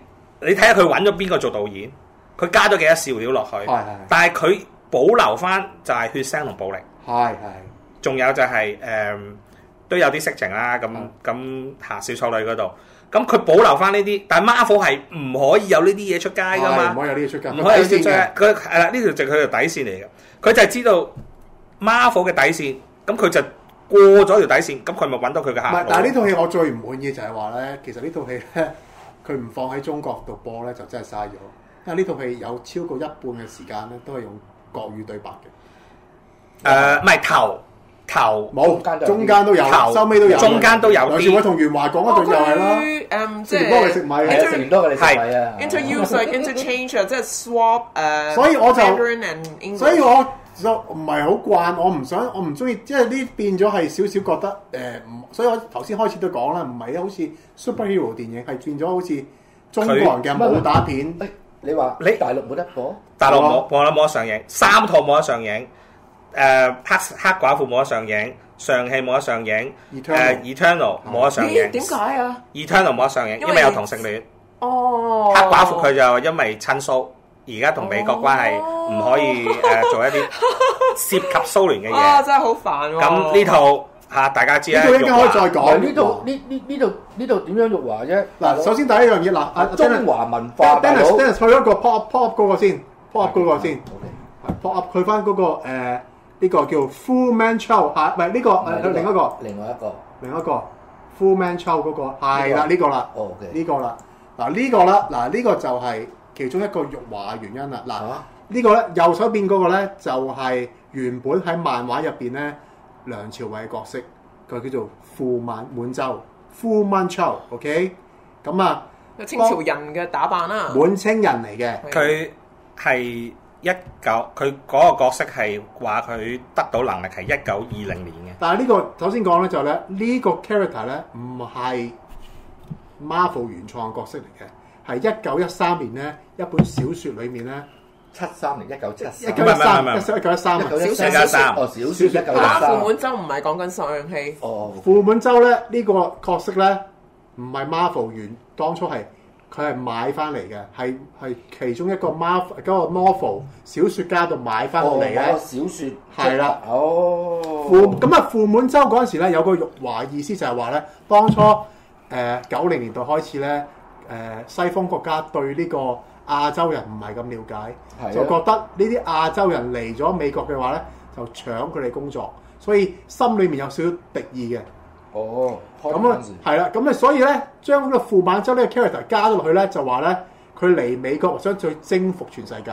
你睇下佢揾咗邊個做導演，佢加咗幾多笑料落去，係係，但係佢保留翻就係血腥同暴力，係係，仲有就係誒都有啲色情啦，咁咁吓小丑女嗰度，咁佢保留翻呢啲，但係 Marvel 係唔可以有呢啲嘢出街噶嘛，唔可以有呢嘢出街，唔可以線嘅，佢係啦呢條直佢條底線嚟嘅，佢就係知道 Marvel 嘅底線，咁佢就過咗條底線，咁佢咪揾到佢嘅客戶。但係呢套戲我最唔滿意就係話咧，其實呢套戲咧。佢唔放喺中國度播咧，就真係嘥咗。因為呢套戲有超過一半嘅時間咧，都係用國語對白嘅。誒、呃，唔係，頭頭冇，中間都，都有，收尾都有，中間都有。梁朝偉同袁華講一段、哦、又係啦。誒、嗯，即係食米嘅食完多你係啊。Introduce interchange 即係 swap 誒。 所以我就，所以我。唔係好慣，我唔想，我唔中意，即係呢變咗係少少覺得誒、呃，所以我頭先開始都講啦，唔係好似 Superhero 電影，係變咗好似中國人嘅武打片。啊欸、你話你大陸冇得播，大陸冇播，冇、哦、得、哦、上映。三套冇得上映，誒、呃、黑黑寡婦冇得上映。尚氣冇得上映。誒 Eternal 冇、uh, 得上映。點解啊？Eternal 冇得上映因，因為有同性戀。哦。黑寡婦佢就因為親蘇。而家同美國關係唔可以誒做一啲涉及蘇聯嘅嘢。啊，真係好煩喎、啊！咁呢套嚇、啊、大家知啦。佢應該可以再講。呢度呢呢呢度呢度點樣辱華啫？嗱，首先第一樣嘢嗱，中華文化嚟到。Dennis，Dennis，去一個 pop pop 嗰個先，pop 嗰個先。O K。pop up 去翻嗰個呢、那個呃這個叫 Fu Manchu 嚇、啊，唔係呢個、這個、另一個。另外一個。另一個。Fu Manchu 嗰、那個係啦，呢、這個啦。哦、這、呢個啦。嗱、這、呢個啦，嗱、okay、呢、這個啊這個啊這個就係、是。其中一個辱華嘅原因啦，嗱、這個、呢個咧右手邊嗰個咧就係、是、原本喺漫畫入邊咧梁朝偉嘅角色，佢叫做富曼 Full Man 滿洲 Full Man Chow，OK 咁啊，清朝人嘅打扮啦、啊啊，滿清人嚟嘅，佢係一九佢嗰個角色係話佢得到能力係一九二零年嘅，但係、這、呢個首先講咧就係咧呢、這個 character 咧唔係 Marvel 原創角色嚟嘅。係一九一三年咧，一本小説裏面咧，七三年一九七三，一九一三，一九一三，一九一三。哦，小一説、啊。富滿洲唔係講緊尚氣。哦、oh, okay.。富滿洲咧咧呢個角色咧，唔係 Marvel 原，當初係佢係買翻嚟嘅，係係其中一個 Marvel 嗰個 Marvel 小説家度買翻嚟嘅。哦，小説。係啦。哦。咁啊！富滿洲嗰陣時咧有個玉華意思就係話咧，當初誒九零年代開始咧。誒西方國家對呢個亞洲人唔係咁瞭解，就覺得呢啲亞洲人嚟咗美國嘅話咧，就搶佢哋工作，所以心裏面有少少敵意嘅。哦，咁啊，係啦，咁咧，所以咧，將個傅滿洲呢個 character 加咗落去咧，就話咧，佢嚟美國想再征服全世界，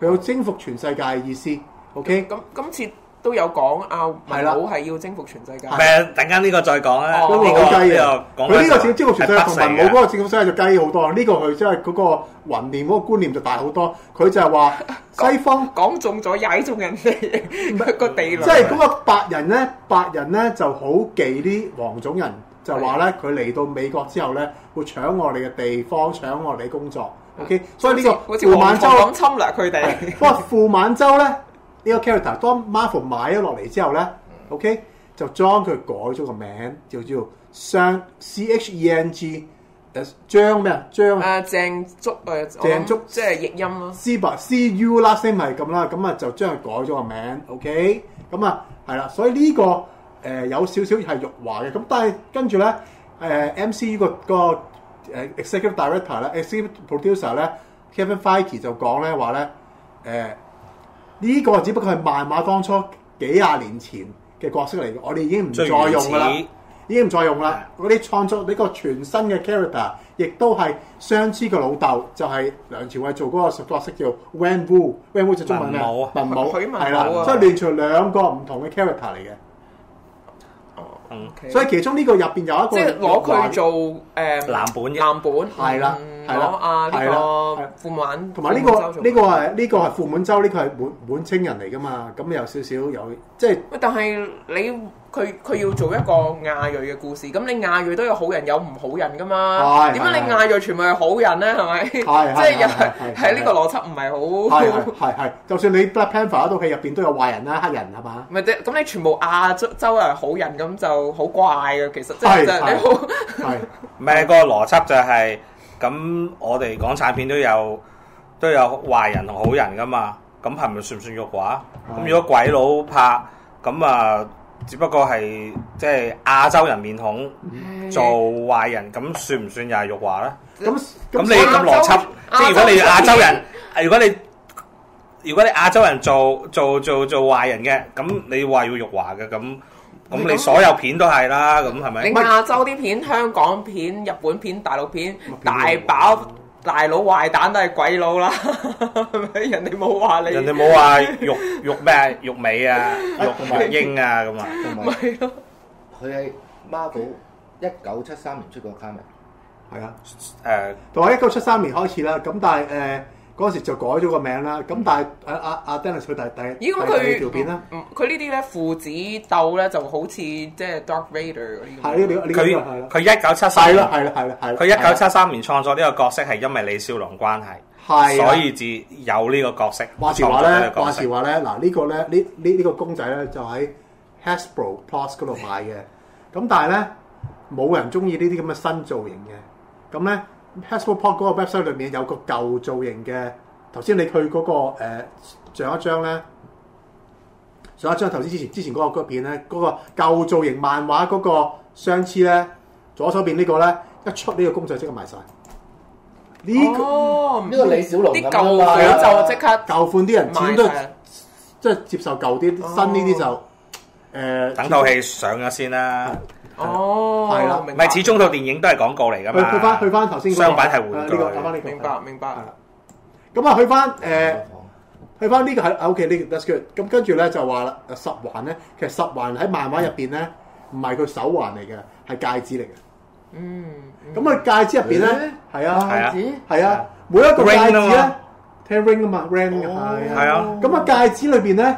佢要征服全世界嘅意思。OK，咁今次。都有講啊，文武係要征服全世界。係啊，等陣呢個再講啊。哦，佢、這、呢個佢呢、這個,個征服全世界，同埋文武嗰個征服世界就雞好多呢、這個佢即係嗰個雲變嗰、那個觀念就大好多。佢就係話西方講中咗踩中人哋個地雷即係嗰個白人咧，白人咧就好忌啲黃種人，就話咧佢嚟到美國之後咧、嗯，會搶我哋嘅地方，搶我哋工作。嗯、o、OK? K，所以呢、這個。嗯、好似傅滿洲侵略佢哋。哇， 傅滿洲咧！呢、這個 character 當 Marvel 買咗落嚟之後咧、嗯、，OK 就將佢改咗個名，就叫張 C H E N G，將咩啊？將啊鄭竹啊？鄭、呃、竹即係譯音咯。C 伯 C U 啦，先係咁啦，咁啊就將佢改咗個名，OK 咁啊係啦。所以呢、這個誒、呃、有少少係辱華嘅，咁但係跟住咧誒 MCU 個個誒 Executive Director 啦、呃、Executive Producer 咧，Kevin Feige 就講咧話咧誒。呢、這個只不過係漫畫當初幾廿年前嘅角色嚟嘅，我哋已經唔再用㗎啦，已經唔再用啦。嗰啲創作呢個全新嘅 character，亦都係尚氣嘅老豆，就係、是、梁朝偉做嗰個角色叫 Wen Wu，Wen Wu 就中文咩？文武，啦、嗯啊，所以連隨兩個唔同嘅 character 嚟嘅。哦、嗯、，OK。所以其中呢個入邊有一個，即係攞佢做誒藍、嗯、本嘅藍本，係啦。嗯係啦，阿 呢、oh, uh, 啊這個富滿，同埋呢個呢個係呢個係富滿洲，呢個係滿滿清人嚟噶嘛。咁有少少有即係、就是，但係你佢佢要做一個亞裔嘅故事，咁你亞裔都有好人有唔好人噶嘛？係點解你亞裔全部係好人咧？係咪？係係係，即係呢、這個邏輯唔係好係係。就算你 Black Panther 一套戲入邊都有壞人啦、黑人係嘛？咪啲咁你全部亞洲亞洲人好人咁就好怪嘅，其實即係、就是、你好係咪個邏輯就係？咁我哋港產片都有都有壞人同好人噶嘛？咁係咪算唔算辱華？咁如果鬼佬拍咁啊，只不過係即係亞洲人面孔做壞人，咁算唔算又係辱華咧？咁咁你咁邏輯，即係如果你亞洲，亞洲人，如果你如果你亞洲人做做做做壞人嘅，咁你話要辱華嘅咁？那咁你所有片都係啦，咁係咪？你亞洲啲片、香港片、日本片、大陸片，大飽大佬壞蛋都係鬼佬啦，係咪？人哋冇話你。人哋冇話玉玉咩？玉美啊，玉墨英啊咁啊。唔係咯，佢係 Marvel 一九七三年出個卡面。係啊，誒，同埋一九七三年開始啦。咁但係誒。嗰陣時就改咗個名啦，咁但係阿阿阿 Dennis 佢第第，咁佢調變啦。嗯，佢呢啲咧父子鬥咧就好似即係 Dark Raider，係呢個呢個係咯係咯。佢佢一九七三年係咯係咯係咯。佢一九七三年創作呢個角色係因為李小龍關係，係所以至有呢個角色。話時話咧話時話咧，嗱呢個咧呢呢呢個公仔咧就喺 Hasbro Plus 嗰度買嘅，咁但係咧冇人中意呢啲咁嘅新造型嘅，咁咧。Haswell Park 嗰個 website 裏面有個舊造型嘅，頭先你去嗰、那個上一張咧，上一張頭先之前之前嗰個嗰片咧，嗰、那個舊造型漫畫嗰個相似咧，左手邊這個呢個咧一出呢個公仔即刻賣晒。呢、這個、哦、李小龍啲舊，舊款就即刻舊款啲人始終都即係接受舊啲、哦、新呢啲就誒、呃、等套戲上咗先啦。哦，係啦、啊，唔係始終套電影都係廣告嚟㗎嘛。去去翻，去翻頭先商品係互對。明白，啊、明白。咁啊，啊，去翻唉、呃，去翻、這個 okay, 呢個係 OK，呢個 that's good。咁跟住咧就話啦，十環咧其實十環喺漫畫入邊咧唔係佢手環嚟嘅，係戒指嚟嘅。嗯。咁、嗯嗯、啊、啊、啊，戒指入邊咧係啊，戒指係啊，每一個戒指、哦、啊，聽 ring 啊嘛，ring 嘅係啊。咁啊，哦、戒指裏邊咧。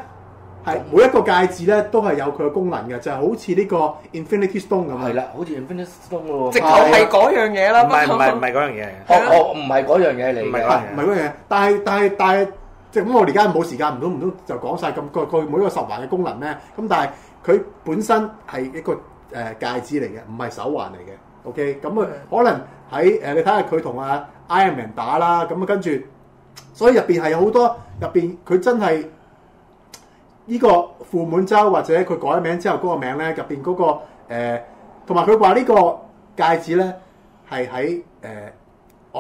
係每一個戒指咧，都係有佢嘅功能嘅，就係好似呢個 Infinity Stone 咁。係啦，好似 Infinity Stone 喎。直頭係嗰樣嘢啦。唔係唔係唔係嗰樣嘢。我我唔係嗰樣嘢嚟嘅。唔係嗰樣嘢，但係但係但係，即係咁。我而家冇時間，唔通唔通就講曬咁佢佢每一個十環嘅功能咧。咁但係佢本身係一個誒戒指嚟嘅，唔係手環嚟嘅。OK，咁啊，可能喺誒你睇下佢同阿 Iron Man 打啦。咁啊跟住，所以入邊係有好多入邊，佢真係。呢、這個傅滿洲或者佢改咗名之後嗰個名咧、那個，入邊嗰個同埋佢話呢個戒指咧係喺誒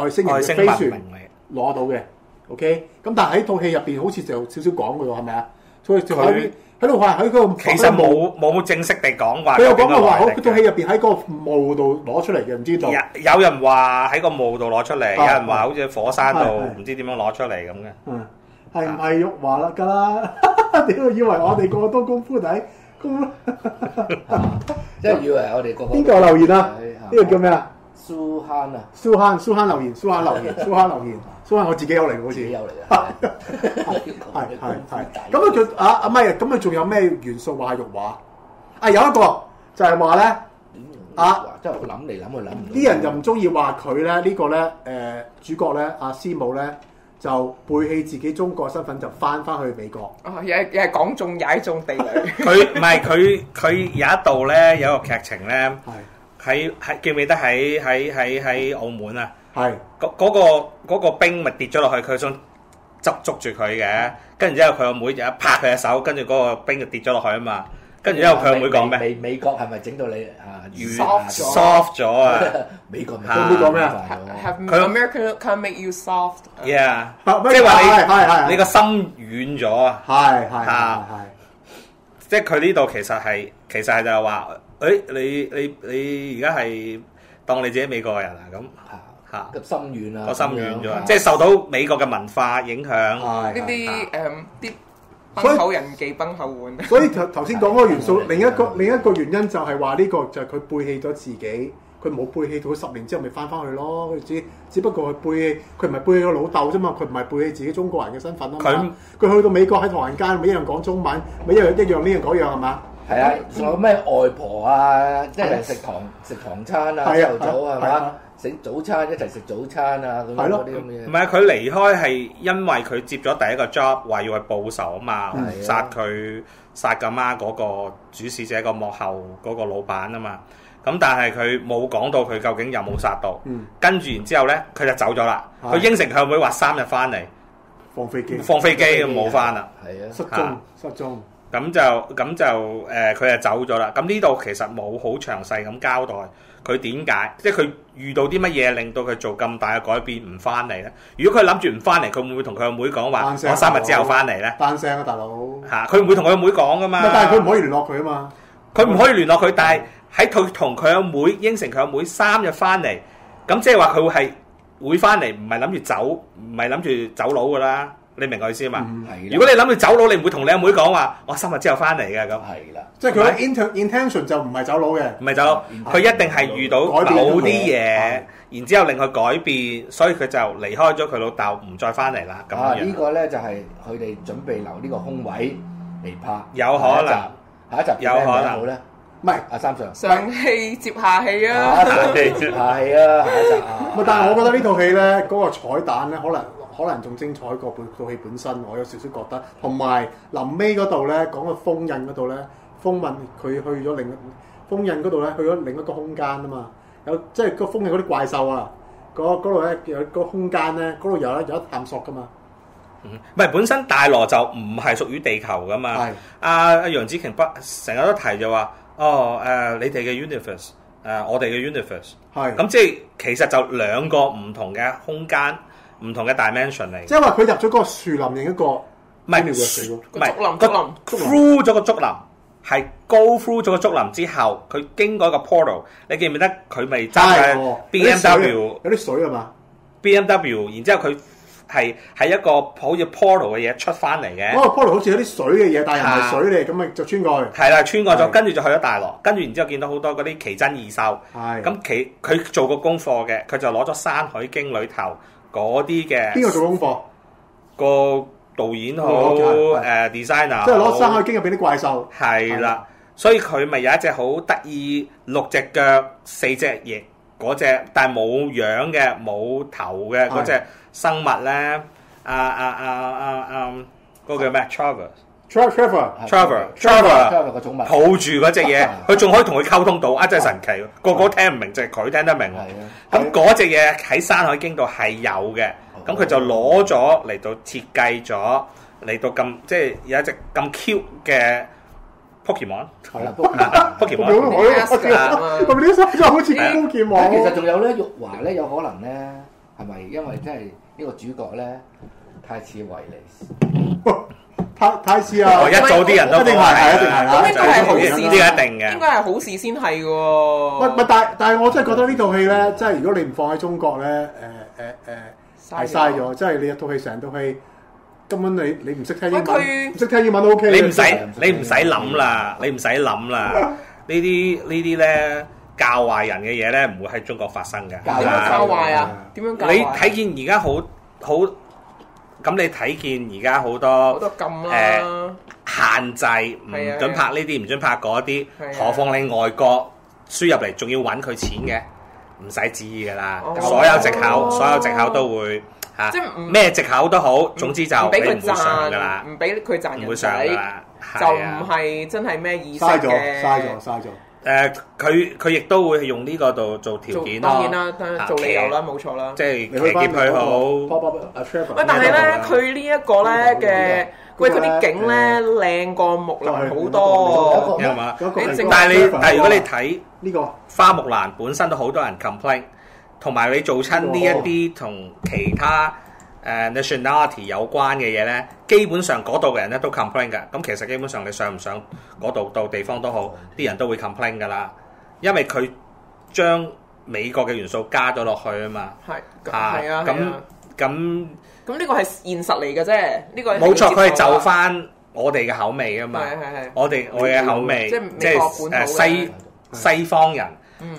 外星人星飛船攞到嘅。OK，咁但係喺套戲入邊好似就少少講嘅喎，係咪啊？所以就喺度話喺嗰個其實冇冇、那個、正式地講話。佢有講話喎，套戲入邊喺嗰個墓度攞出嚟嘅，唔知道。有人話喺個墓度攞出嚟，有人話、哦、好似火山度，唔知點樣攞出嚟咁嘅。嗯。係唔係玉華啦？噶啦，屌！以為我哋過多功夫底、啊，即係以為我哋過。邊個留言啊？呢、哎、個叫咩啊？蘇坑啊！蘇坑蘇坑留言，啊、蘇坑留言，蘇坑留言，蘇坑我自己有嚟嘅好似。自己有嚟啊！係係係。咁啊，叫阿阿 Mike 咁啊，仲、啊啊啊啊啊、有咩元素話係玉華？啊，有一個就係話咧，啊，即係諗嚟諗去諗，啲人就唔中意話佢咧，呢個咧，誒主角咧，阿師母咧。就背棄自己中國身份，就翻翻去美國。哦、啊，又係又係講中踩中地雷。佢唔係佢佢，有一度咧，有一個劇情咧，喺喺記唔記得喺喺喺喺澳門啊。係嗰嗰個、嗰個冰咪跌咗落去，佢想執捉住佢嘅，跟住之後佢阿妹就一拍佢隻手，跟住嗰個冰就跌咗落去啊嘛。跟住之後佢阿妹講咩？ 美美，美國係咪整到你軟 soft 咗啊！ 美國咩啊？佢 America make you soft、yeah。係啊，即係話你係你個心軟咗啊！係係即係佢呢度其實係其實係就係話、哎，你你你而家係當你自己美國人啊咁個心軟啊，個心軟咗，即係受到美國嘅文化影響呢啲誒啲。 白頭人寄崩後門。所以頭頭先講嗰個元素，另一個另一個原因就係話呢個就係佢背棄咗自己，佢冇背棄到十年之後咪翻翻去咯。佢只只不過佢背，背棄佢唔係背棄個老豆啫嘛，佢唔係背棄自己中國人嘅身份啊。佢去到美國喺唐人街，咪一樣講中文，咪一樣一樣呢樣嗰樣係嘛？係啊，仲有咩外婆啊？即係食唐食唐餐啊，係啊早係啊嘛。早餐一齊食早餐啊！係咯，咁樣嗰啲咁嘅嘢。唔係佢離開係因為佢接咗第一個 job，話要去報仇啊嘛，殺佢殺個媽嗰個主使者個幕後嗰個老闆啊嘛。咁但係佢冇講到佢究竟有冇殺到。嗯嗯、跟住然之後咧，佢就走咗啦。佢應承佢會話三日翻嚟放飛機，放飛機咁冇翻啦。係啊，失蹤失蹤。咁就咁就誒，佢、呃、就走咗啦。咁呢度其實冇好詳細咁交代。佢點解？即係佢遇到啲乜嘢令到佢做咁大嘅改變唔翻嚟咧？如果佢諗住唔翻嚟，佢會唔會同佢阿妹講話？啊、我三日之後翻嚟咧？返聲啊，大佬嚇！佢唔會同佢阿妹講噶嘛？但係佢唔可以聯絡佢啊嘛！佢唔可以聯絡佢，但係喺佢同佢阿妹應承佢阿妹三日翻嚟，咁即係話佢會係會翻嚟，唔係諗住走，唔係諗住走佬噶啦。你明我意思嘛？如果你諗住走佬，你唔會同你阿妹講話，我三日之後翻嚟嘅咁。係啦，即係佢 intention 就唔係走佬嘅，唔係走，佢一定係遇到好啲嘢，然之後令佢改變，所以佢就離開咗佢老豆，唔再翻嚟啦。咁樣。呢個咧就係佢哋準備留呢個空位嚟拍，有可能下一集有可能咧，唔係阿三上，上氣接下氣啊，上氣接下氣啊，下一集。唔係，但係我覺得呢套戲咧，嗰個彩蛋咧，可能。可能仲精彩過部套戲本身，我有少少覺得。同埋臨尾嗰度咧，講個封印嗰度咧，封印佢去咗另一封印嗰度咧，去咗另一個空間啊嘛。有即係、就是、個封印嗰啲怪獸啊，嗰度咧有個空間咧，嗰度有咧有得探索噶嘛。唔、嗯、咪本身大羅就唔係屬於地球噶嘛。係阿、啊、楊紫瓊不成日都提就話，哦誒、啊，你哋嘅 universe，誒我哋嘅 universe，係咁即係其實就兩個唔同嘅空間。唔同嘅 dimension 嚟，即係話佢入咗嗰個樹林另一個的，唔係樹林，樹林，竹林，竹林 through 咗個竹林，係 go through 咗個竹林之後，佢經過一個 portal，你記唔記得佢咪揸架 BMW？有啲水啊嘛，BMW，然之後佢係喺一個好似 portal 嘅嘢出翻嚟嘅，嗰個 portal 好似有啲水嘅嘢，但係唔係水嚟，咁咪就穿過去。係啦，穿過咗，跟住就去咗大羅，跟住然之後見到好多嗰啲奇珍異獸。係，咁其佢做過功課嘅，佢就攞咗《山海經》裏頭。嗰啲嘅邊個做功課？個導演好 designer 即係攞《山、oh, okay. 呃就是、海經》入邊啲怪獸係啦，所以佢咪有一隻好得意六隻腳四隻翼嗰隻，但係冇樣嘅冇頭嘅嗰隻生物咧。啊啊啊啊啊！嗰、啊啊啊、個咩 Chavez Traver，Traver，Traver，Traver 個種物抱住嗰隻嘢，佢 仲可以同佢溝通到啊！ 真係神奇喎， 個個聽唔明，就係佢聽得明。咁嗰隻嘢喺山海經度係有嘅，咁 佢、 嗯、就攞咗嚟到設計咗嚟到咁，即係有一隻咁 cute 嘅 Pokemon。Pokemon 其實仲有咧，玉華咧，有可能咧，係咪因為真係呢個主角咧太似維尼？拍太，太事啊、嗯！一早啲人都一定係一定係啦，應該係好事，呢個一定嘅，應該係好事先係嘅喎。唔唔，但但係我真係覺得呢套戲咧，即係如果你唔放喺中國咧，誒誒誒，係嘥咗。即係你一套戲成套戲根本你你唔識聽英文，唔識聽英文都 O、OK, K。你唔使你唔使諗啦，你唔使諗啦。 呢啲呢啲咧教壞人嘅嘢咧，唔會喺中國發生嘅。教壞教壞啊？點樣教壞？你睇見而家好好。咁你睇見而家好多誒、啊呃、限制，唔、啊、准拍呢啲，唔、啊、准拍嗰啲，啊，何況你外國輸入嚟，仲要揾佢錢嘅，唔使注意噶啦，所有藉口，啊，所有藉口都會嚇，咩，啊啊、藉口都好，就係，總之就唔俾佢賺噶啦，唔俾佢賺人，人，人、啊、就唔係真係咩意思嘥咗。誒佢佢亦都會用呢個做做條件啦，做理由啦，冇、啊、錯啦。即係騎劫佢好，喂！但係咧，佢呢、就是啊嗯、一個咧嘅，喂，佢啲景咧靚過木蘭好多，係嘛？你正，但係你但係如果你睇呢個花木蘭本身都好多人 complaint 同埋你做親呢一啲同其他。誒、uh, nationality 有關嘅嘢咧，基本上嗰度嘅人咧都 complain 嘅。咁其實基本上你上唔上嗰度到地方都好，啲人都會 complain 噶啦。因為佢將美國嘅元素加咗落去啊嘛。係，係啊，咁咁咁呢個係現實嚟嘅啫。呢個冇錯，佢、這、係、個、就翻我哋嘅口味啊嘛。係係係，我哋我嘅口味，即係、就是、美國本土嘅，即係西西方人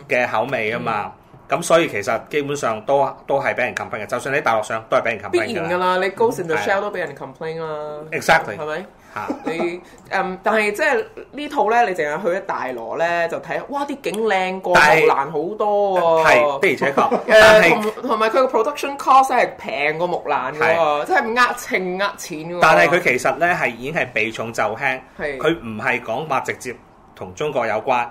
嘅口味啊嘛。嗯嗯。咁所以其實基本上都都係俾人 complain 嘅，就算喺大陸上都係俾人 complain 嘅啦，你 Ghost in the Shell、嗯、都俾人 complain 啦。Exactly，係咪？嚇、嗯 um，你誒、啊，但係即係呢套咧，你淨係去咗大羅咧，就睇哇啲景靚過木蘭好多喎。係的而且確同埋佢嘅 production cost 係平過木蘭喎，即係呃秤呃錢喎。但係佢其實咧係已經係避重就輕，佢唔係講話直接同中國有關，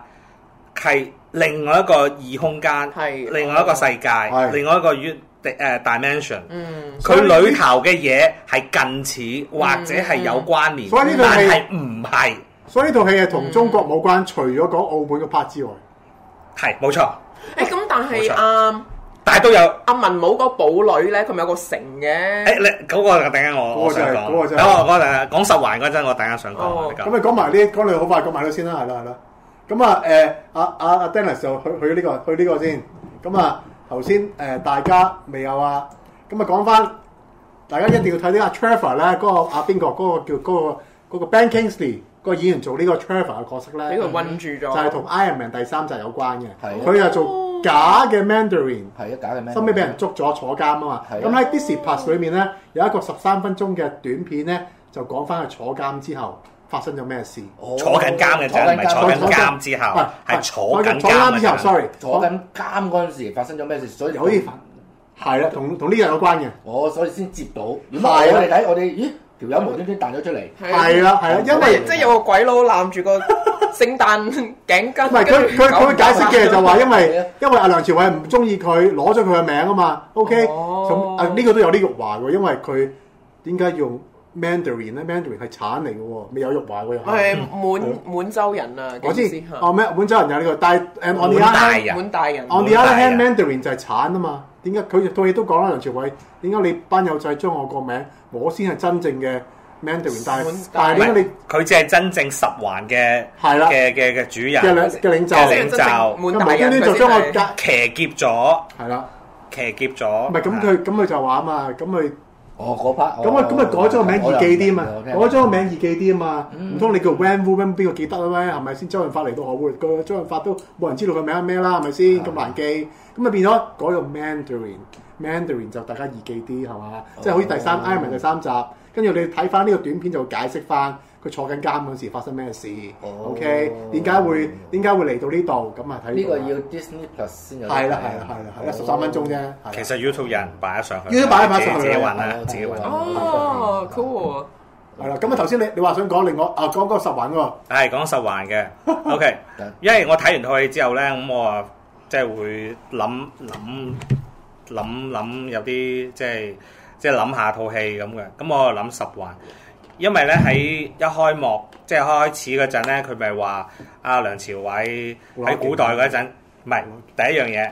係。另外一個異空間，另外一個世界，另外一個於誒、uh, dimension，佢裏頭嘅嘢係近似、嗯、或者係有關聯，但係唔係。所以呢套戲係同中國冇關，嗯、除咗講澳門嘅 part 之外，係冇錯。誒、欸、咁，但係啊，但係都有阿、啊、文武個寶女咧，佢咪有個城嘅？誒、欸，你、那、嗰個等緊我、那個就是那個就是、講，嗰個真係講十環嗰陣，我等一想講。咁、哦、你講埋呢，講你好快講埋咗先啦，係啦，係啦。咁啊，誒、啊，阿、啊、阿阿 Dennis 就去去呢、這個去呢個先。咁啊，頭先誒大家未有啊，咁啊講翻，大家一定要睇、啊、呢阿 Trevor 咧，嗰個阿邊個，嗰、啊那個叫嗰、那個 Ben Kingsley，嗰個演員做呢個 Trevor 嘅角色咧，俾、這、佢、個、困住咗、嗯，就係、是、同 Iron Man 第三集有關嘅。係。佢又做假嘅 Mandarin。係係，假嘅咩？後尾俾人捉咗坐監啊嘛。咁喺 Disney Plus 裏面咧有一個十三分鐘嘅短片咧，就講翻佢坐監之後。發生咗咩事？坐緊監嘅啫，唔係坐緊監之後，係坐緊監嗰陣時。Sorry，坐緊監嗰陣時發生咗咩事？所以可以，係啦，同同呢樣有關嘅。我所以先接到，唔係我哋睇我哋，咦，條友無端端彈咗出嚟，係啦，係啦，因為即係有個鬼佬攬住個聖誕頸巾。唔係佢佢佢會解釋嘅就話，因為因為阿梁朝偉唔中意佢，攞咗佢嘅名啊嘛。OK，咁啊呢個都有啲肉酸喎，因為佢點解要？Mandarin 咧，Mandarin 係產嚟嘅喎，未有肉畫喎又。係滿滿洲人啊，嗰啲嚇。哦，咩滿洲人有呢個，但係 on the other hand，滿大人，on the other hand，Mandarin 就係產啊嘛。點解佢套戲都講啦，梁朝偉？點解你班友仔將我個名，我先係真正嘅 Mandarin，但係唔係佢只係真正十環嘅，係啦嘅嘅嘅主人嘅領嘅領袖。唔係，跟住就將我騎劫咗，係啦，騎劫咗。唔係咁佢咁佢就話啊嘛，咁佢。哦，嗰 part 咁啊，咁啊改咗個名易記啲啊嘛，改咗個名易記啲啊嘛，唔、嗯、通、嗯嗯嗯嗯嗯嗯嗯、你叫 When Will When 邊個記得啊？咩係咪先？周潤發嚟到 Hollywood，個周潤發都冇人知道佢名係咩啦，係咪先咁難記？咁啊變咗改用 Mandarin，Mandarin 就大家易記啲係嘛？即係好似第三 okay, Iron Man 第三集，跟住你睇翻呢個短片就解釋翻。佢坐緊監嗰時發生咩事、哦？OK，點解會點解、嗯、會嚟到呢度？咁啊睇呢個要 Disney Plus 先有。係啦係啦係啦，十三分鐘啫。其實 YouTube 人擺咗上去。YouTube 擺啊擺上去，自己揾啊自己揾。哦，cool。係啦，咁啊頭先你說說你話想講另外啊講個十環喎。係講十環嘅，OK。 因為我睇完套戲之後咧，咁我啊即係會諗諗諗諗有啲即係即係諗下套戲咁嘅。咁我啊諗十環。因為咧喺一開幕即係開始嗰陣咧，佢咪話阿梁朝偉喺古代嗰陣，唔係第一樣嘢，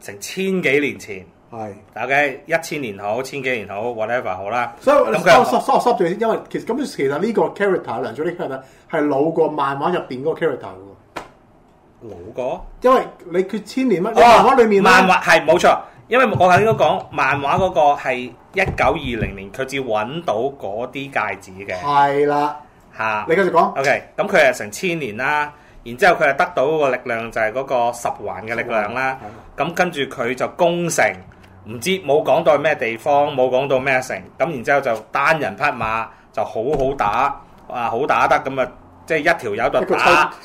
成千幾年前係，ok 一千年好，千幾年好，whatever 好啦。所以你收收收住因為其實咁其實呢個 character 梁朝偉呢個 character 係老過漫畫入邊嗰個 character 嘅喎，老過，因為你缺千年乜、啊，漫畫裏面漫畫係冇錯。因為我應該講漫畫嗰個係一九二零年佢至揾到嗰啲戒指嘅。係啦，嚇！你繼續講。O K，咁佢係成千年啦，然之後佢係得到個力量就係嗰個十環嘅力量啦。咁跟住佢就攻城，唔知冇講到咩地方，冇講到咩城。咁然之後就單人匹馬就好好打，啊好打得咁啊！嗯即係一條友就即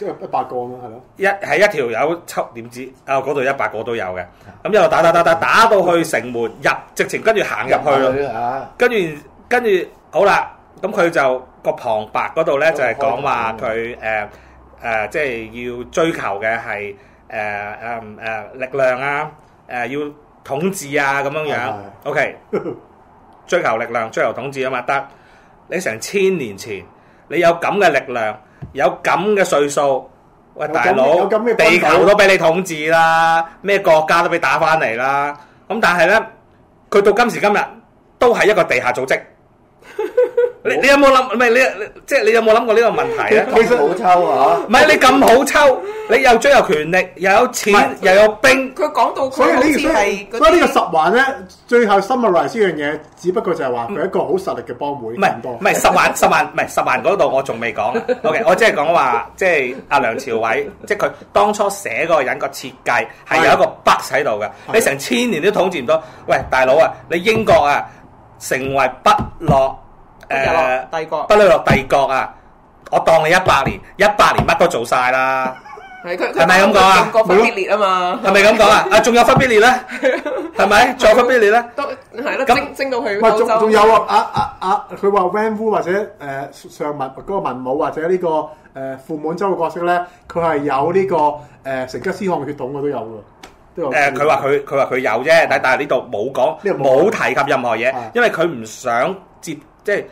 係一百個咯，係咯。一係一條友七，點知，啊嗰度一百個都有嘅。咁一路打打打打打到去城門入，直情跟住行入去咯。跟住跟住好啦，咁佢就、個旁白嗰度咧就係講話佢誒誒，即係要追求嘅係誒誒誒力量啊，誒、呃、要統治啊咁樣樣。O、okay, K， 追求力量，追求統治啊嘛得。你成千年前，你有咁嘅力量。有咁嘅歲數，喂，有大佬，地球都俾你統治啦，咩國家都俾你打翻嚟啦，咁但係咧，佢到今時今日都係一個地下組織。你有冇諗，唔係你即係你，就是，你有冇諗過呢個問題啊？你好抽啊！唔係你咁好抽，你又最有權力，又有錢，又有兵。佢講到佢好似係。所以呢個十環咧，最後 summarize 呢樣嘢，只不過就係話佢一個好實力嘅幫會，唔多。唔係十環，十環唔係十環嗰度，我仲未講。OK，我即係講話，即係阿梁朝偉，即係佢當初寫嗰個人個設計係有一個 bug 喺度嘅。你成千年都統治唔到。喂，大佬啊，你英國啊，成為不落。誒，帝國不列羅帝國啊！我當你一百年，一百年乜都做晒啦。係佢，係咪咁講啊？國忽必烈啊嘛，係咪咁講啊？啊，仲有忽必烈咧？係咪？仲有忽必烈咧？都係咯，咁蒸到佢。仲仲有啊！啊啊啊！佢話 vanu 或者誒上文嗰個文武或者呢個誒傅滿洲嘅角色咧，佢係有呢個誒成吉思汗嘅血統，我都有嘅。誒，佢話佢佢話佢有啫，但但係呢度冇講，呢度冇提及任何嘢，因為佢唔想接。即係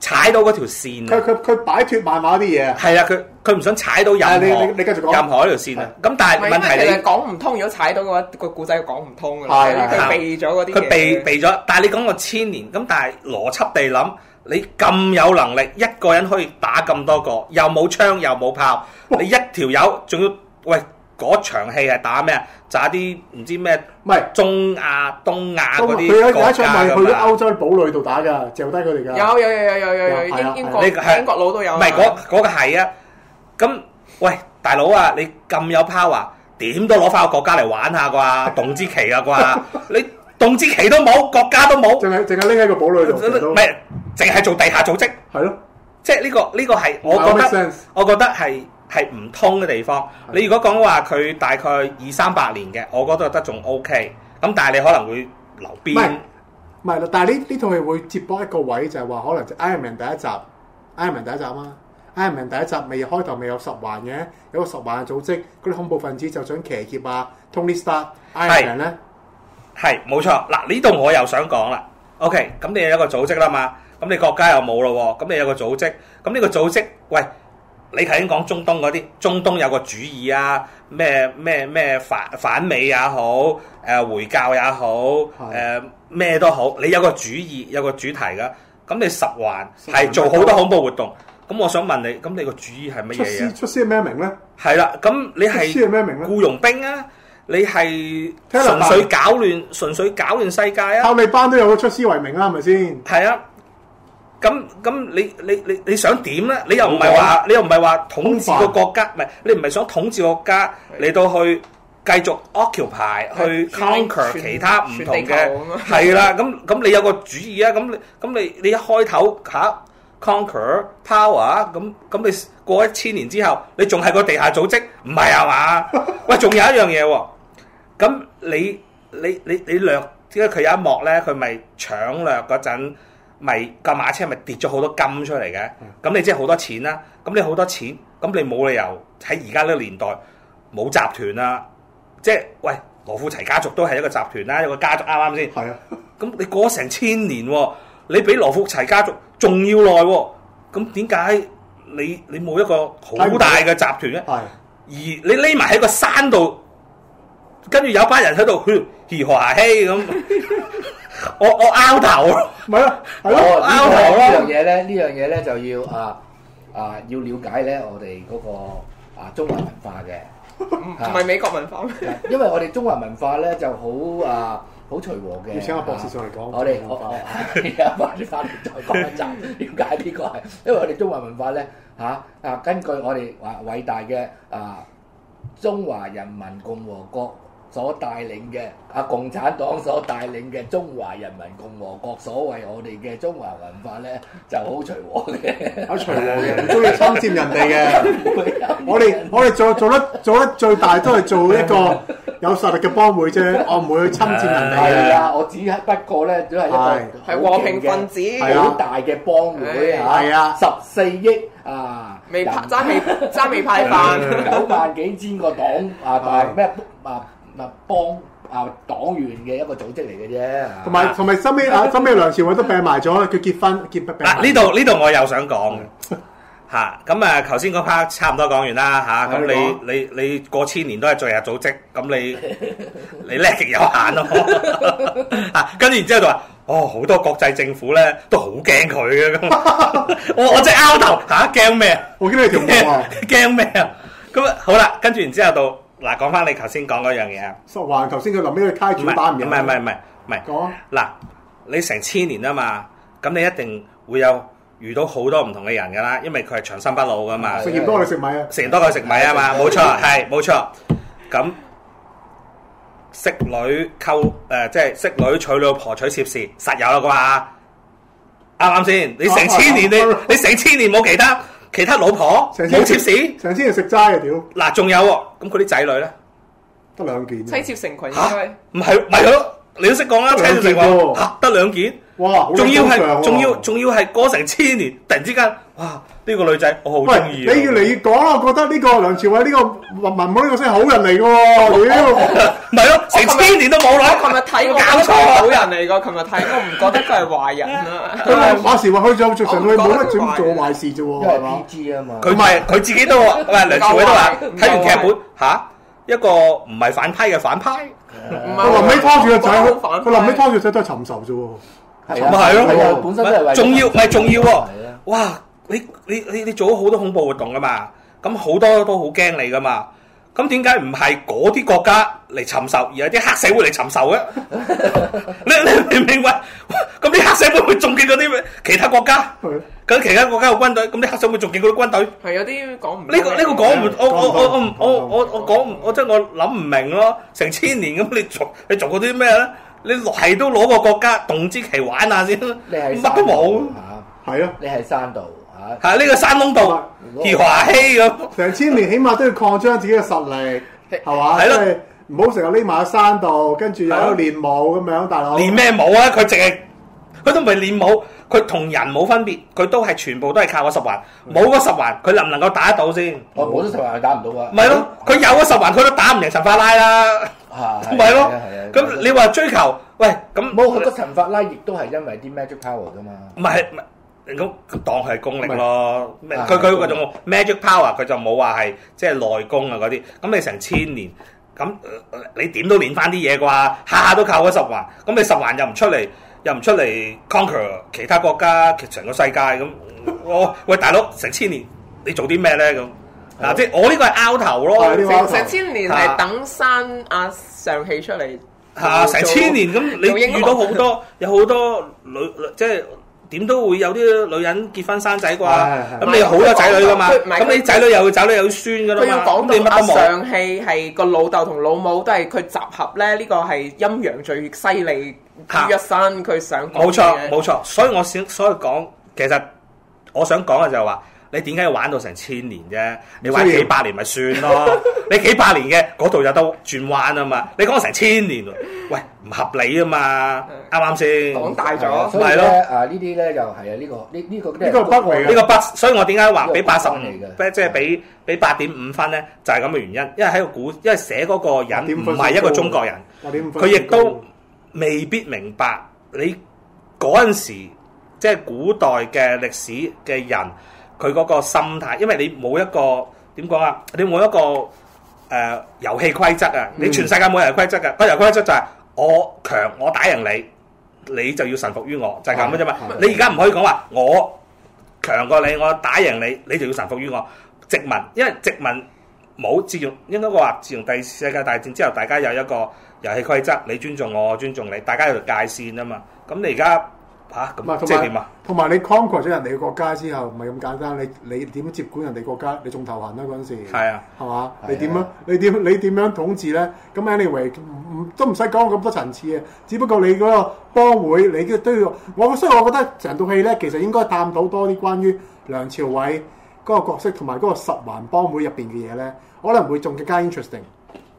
踩到嗰條線，佢佢佢擺脫漫畫啲嘢啊！係啊，佢佢唔想踩到任何，你你繼續講，任何一條線啊！咁但係問題你講唔通，如果踩到嘅話，個故仔講唔通啊！係，佢避咗嗰啲嘢，佢避避咗。但係你講個千年，咁但係邏輯地諗，你咁有能力一個人可以打咁多個，又冇槍又冇炮，你一條友仲要喂？嗰場戲係打咩啊？就啲唔知咩，唔係中亞、東亞嗰啲國家咁啦。佢有有場咪去咗歐洲堡壘度打噶，掉低佢哋噶。有有有有有有，有，有英有英國佬都有。唔係嗰嗰個係啊！咁、那個那個啊、喂，大佬啊，你咁有 power，點都攞翻個國家嚟玩下啩？董之奇啊啩？你董之奇都冇國家都冇，淨係淨係匿喺個堡壘度，唔係淨係做地下組織。係咯，即係呢個呢個係我覺得，我覺得係。係唔通嘅地方的，你如果講話佢大概二三百年嘅，我覺得得仲 O K。咁但係你可能會留邊，唔係咯？但係呢呢套戲會接駁一個位，就係、是、話可能 Ironman 第一集，Ironman 第一集啊，Ironman 第一集未開頭未有十環嘅，有個十環嘅組織，嗰啲恐怖分子就想騎劫啊，Tony Stark Ironman 咧，係冇錯。嗱呢度我又想講啦，O K。咁、okay, 你有一個組織啦嘛，咁你國家又冇咯，咁你有個組織，咁呢個組織喂？你頭先講中東嗰啲，中東有個主義啊，咩咩咩反反美也好，回教也好，咩、呃、都好，你有個主義，有個主題噶，咁你十環係做好多恐怖活動，咁我想問你，咁你個主義係乜嘢啊？出師出咩名咧？係啦，咁你係出師咩名咧？僱傭兵啊，你係純粹搞亂，純粹搞亂世界啊？哈密班都有個出師為名啊，係咪先？係啊。咁咁你你你你想點咧？你又唔係話你又唔係話統治個國家，唔係你唔係想統治國家嚟到去繼續 occupy 去 conquer 其他唔同嘅係啦。咁咁你有個主意啊？咁你咁你你一開頭嚇 conquer power 咁咁你過一千年之後，你仲係個地下組織唔係啊嘛？ 喂，仲有一樣嘢喎。咁你你你你，你略，因為佢有一幕咧，佢咪搶掠嗰陣。咪架馬車咪跌咗好多金出嚟嘅，咁、嗯、你即係好多錢啦、啊，咁你好多錢，咁你冇理由喺而家呢個年代冇集團啦、啊，即係喂羅富齊家族都係一個集團啦、啊，一個家族啱啱先？係啊，咁你過成千年、啊，你比羅富齊家族仲要耐、啊，咁點解你你冇一個好大嘅集團咧、啊？係、啊，而你匿埋喺個山度。跟住有班人喺度，嘻嘻嘻咁？我我拗頭，咪咯，係咯，拗頭咯。呢樣嘢咧，呢樣嘢咧就要啊啊要了解咧，我哋嗰個啊中華文化嘅，唔係美國文化咩？因為我哋中華文化咧就好啊好隨和嘅。要請阿博士上嚟講。我哋我而家翻轉翻嚟再講一集，了解呢個係，因為我哋中華文化咧吓啊，根據我哋話偉大嘅啊中華人民共和國。所帶領嘅啊，共產黨所帶領嘅中華人民共和國，所謂我哋嘅中華文化咧，就好隨和嘅，好隨和嘅，唔鍾意侵佔人哋嘅 我哋我哋做做得做得最大都係做一個有實力嘅幫會啫，我唔會去侵佔人哋。係啊，我只不過咧都係一個係和平分子，好、啊、大嘅幫會。係啊，十四億啊，未拍，揸未揸未派飯九 萬幾千個黨啊，咩啊？嗱，幫啊黨員嘅一個組織嚟嘅啫，同埋同埋收尾啊，收尾梁朝偉都病埋咗，佢結婚結病。嗱呢度呢度我又想講嚇，咁啊頭先嗰 part 差唔多講完啦嚇，咁、啊、你你你過千年都係罪日組織，咁你你叻極有限咯、啊、嚇、啊。跟住然之後就話，哦好多國際政府咧都好驚佢嘅，我我即係拗頭嚇，驚咩啊？我驚你條毛啊！驚咩啊，啊？咁啊好啦，跟住然之後到。嗱，講翻你頭先講嗰樣嘢啊！十環頭先佢臨尾佢卡住打唔完，唔係唔係唔係唔係。講嗱，你成千年啊嘛，咁你一定會有遇到好多唔同嘅人噶啦，因為佢係長生不老噶嘛。食、嗯、鹽多、就是嗯、你食米啊，食鹽多佢食米啊嘛，冇錯，係冇錯。咁，識女溝誒、呃，即係識女娶老婆娶妾侍，實有啦啩？啱啱先？你成千年，啊啊啊、你你成千年冇其他。其他老婆冇妾侍，成天要食齋嘅屌！嗱，仲有咁佢啲仔女咧，得兩件妻妾成群吓，唔係唔係咯，你都識講啦，妻妾成群得兩件，哇！仲要係仲、啊、要仲要係過成千年，突然之間，哇！呢、這個女仔我好中意。你越嚟越講啦，我覺得呢個梁朝偉呢個文文武呢個先係好人嚟嘅，屌、啊，唔係咯，成、呃、千年都冇啦。琴日睇搞錯好人嚟嘅，琴日睇我唔覺得佢係壞人啦。佢話、嗯嗯、時話佢做做神，佢冇乜做做壞事啫，係嘛 PG 啊嘛。佢唔係佢自己都話， 梁朝偉都話，睇完劇本吓、啊，一個唔係反派嘅反派。佢臨尾拖住個仔，佢臨尾拖住仔都係尋仇啫，唔係咯？本身都係重要，唔係重要，哇！你你你你做咗好多恐怖活動噶嘛？咁好多都好驚你噶嘛？咁點解唔係嗰啲國家嚟尋仇，而係啲黑社會嚟尋仇嘅？ 你你明唔明白？咁啲黑社會會仲見嗰啲咩？其他國家，咁 其他國家嘅軍隊，咁啲黑社會仲見嗰啲軍隊，係有啲講唔呢個呢、呢個講唔、啊、我我講唔我我我我我講我,我,我真我諗唔明咯。成千年咁你做你做過啲咩咧？你係都攞個國家動之其玩下先，乜都冇係啊？你喺山度。喺、這、呢個山窿度啊，而華熙咁，成千年起碼都要擴張自己嘅實力，係 嘛？係咯，唔好成日匿埋喺山度，跟住又喺度練武咁樣。大佬練咩武啊？佢直，佢都唔係練武，佢同人冇分別，佢都係全部都係靠嗰十環，冇嗰十環，佢能唔能夠打得到先？我冇咗十環，係打唔到啊？唔係咯，佢有咗十環，佢都打唔贏陳法拉啦。係咪咯？咁 你話追求喂咁？冇佢個陳法拉，亦都係因為啲 magic power 噶嘛？唔係。咁當係功力咯，佢佢嗰種 magic power 佢就冇話係即係內功啊嗰啲。咁你成千年，咁你點都練翻啲嘢啩？下下都靠嗰十環，咁你十環又唔出嚟，又唔出嚟 conquer 其他國家，成個世界咁。喂，大佬，成千年你做啲咩咧？咁嗱、啊，即係我呢個係 out 頭咯，成千年係等生阿、啊、尚氣出嚟，嚇、啊、成千年咁，你遇到好多 有好多女即係。點都會有啲女人結婚生仔啩，咁、哎、你好多仔女噶嘛，咁你仔女又找咧有孫噶啦嘛。講到你有尚氣係個老豆同老母都係佢集合咧，呢、這個係陰陽最犀利、啊、一生的，佢想講冇錯冇錯，所以我想所以講，其實我想講嘅就係話。你點解要玩到成千年啫？你玩幾百年咪算咯？ 你幾百年嘅嗰度有得轉彎啊嘛？你講成千年，喂，唔合理啊嘛？啱啱先？講大咗，係、啊、咯？誒呢啲咧就係啊呢個呢呢、這個呢、這個就是這個不呢、這個不，所以我點解話俾八十五年嘅？即係俾俾八點五分咧，就係咁嘅原因。因為喺個古，因為寫嗰個人唔係一個中國人，佢亦都未必明白你嗰陣時即係、就是、古代嘅歷史嘅人。佢嗰個心態，因為你冇一個點講啊，你冇一個誒、呃、遊戲規則啊，你全世界冇遊戲規則噶，個、嗯、遊戲規則就係、是、我強，我打贏你，你就要臣服於我，就係咁嘅啫嘛。你而家唔可以講話我強過你，我打贏你，你就要臣服於我。殖民，因為殖民冇自由，應該話自從第二次世界大戰之後，大家有一個遊戲規則，你尊重我，我尊重你，大家有條界線啊嘛。咁你而家。嚇咁啊！即係點啊？同埋你 conquer 咗人哋嘅國家之後，唔係咁簡單。你你點接管人哋國家？你仲頭痕啦嗰陣時。係啊，係嘛、啊啊？你點咯？你點？你點樣統治咧？咁 anyway，都唔使講咁多層次嘅。只不過你嗰個幫會，你都要我。所以，我覺得成套戲咧，其實應該探討多啲關於梁朝偉嗰個角色同埋嗰個十環幫會入邊嘅嘢咧，可能會仲更加 interesting。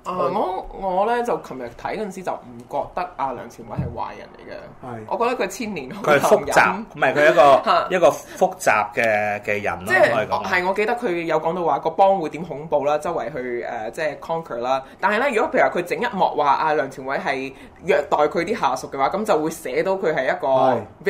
嗯、我我咧就琴日睇嗰陣時就唔覺得阿、啊、梁朝偉係壞人嚟嘅，我覺得佢千年老。佢係複雜，唔係佢一個 一個複雜嘅嘅人咯。可以講係、即係，我記得佢有講到話個幫會點恐怖啦，周圍去、呃、即係 conquer 啦。但係咧，如果譬如話佢整一幕話阿、啊、梁朝偉係虐待佢啲下屬嘅話，咁就會寫到佢係一個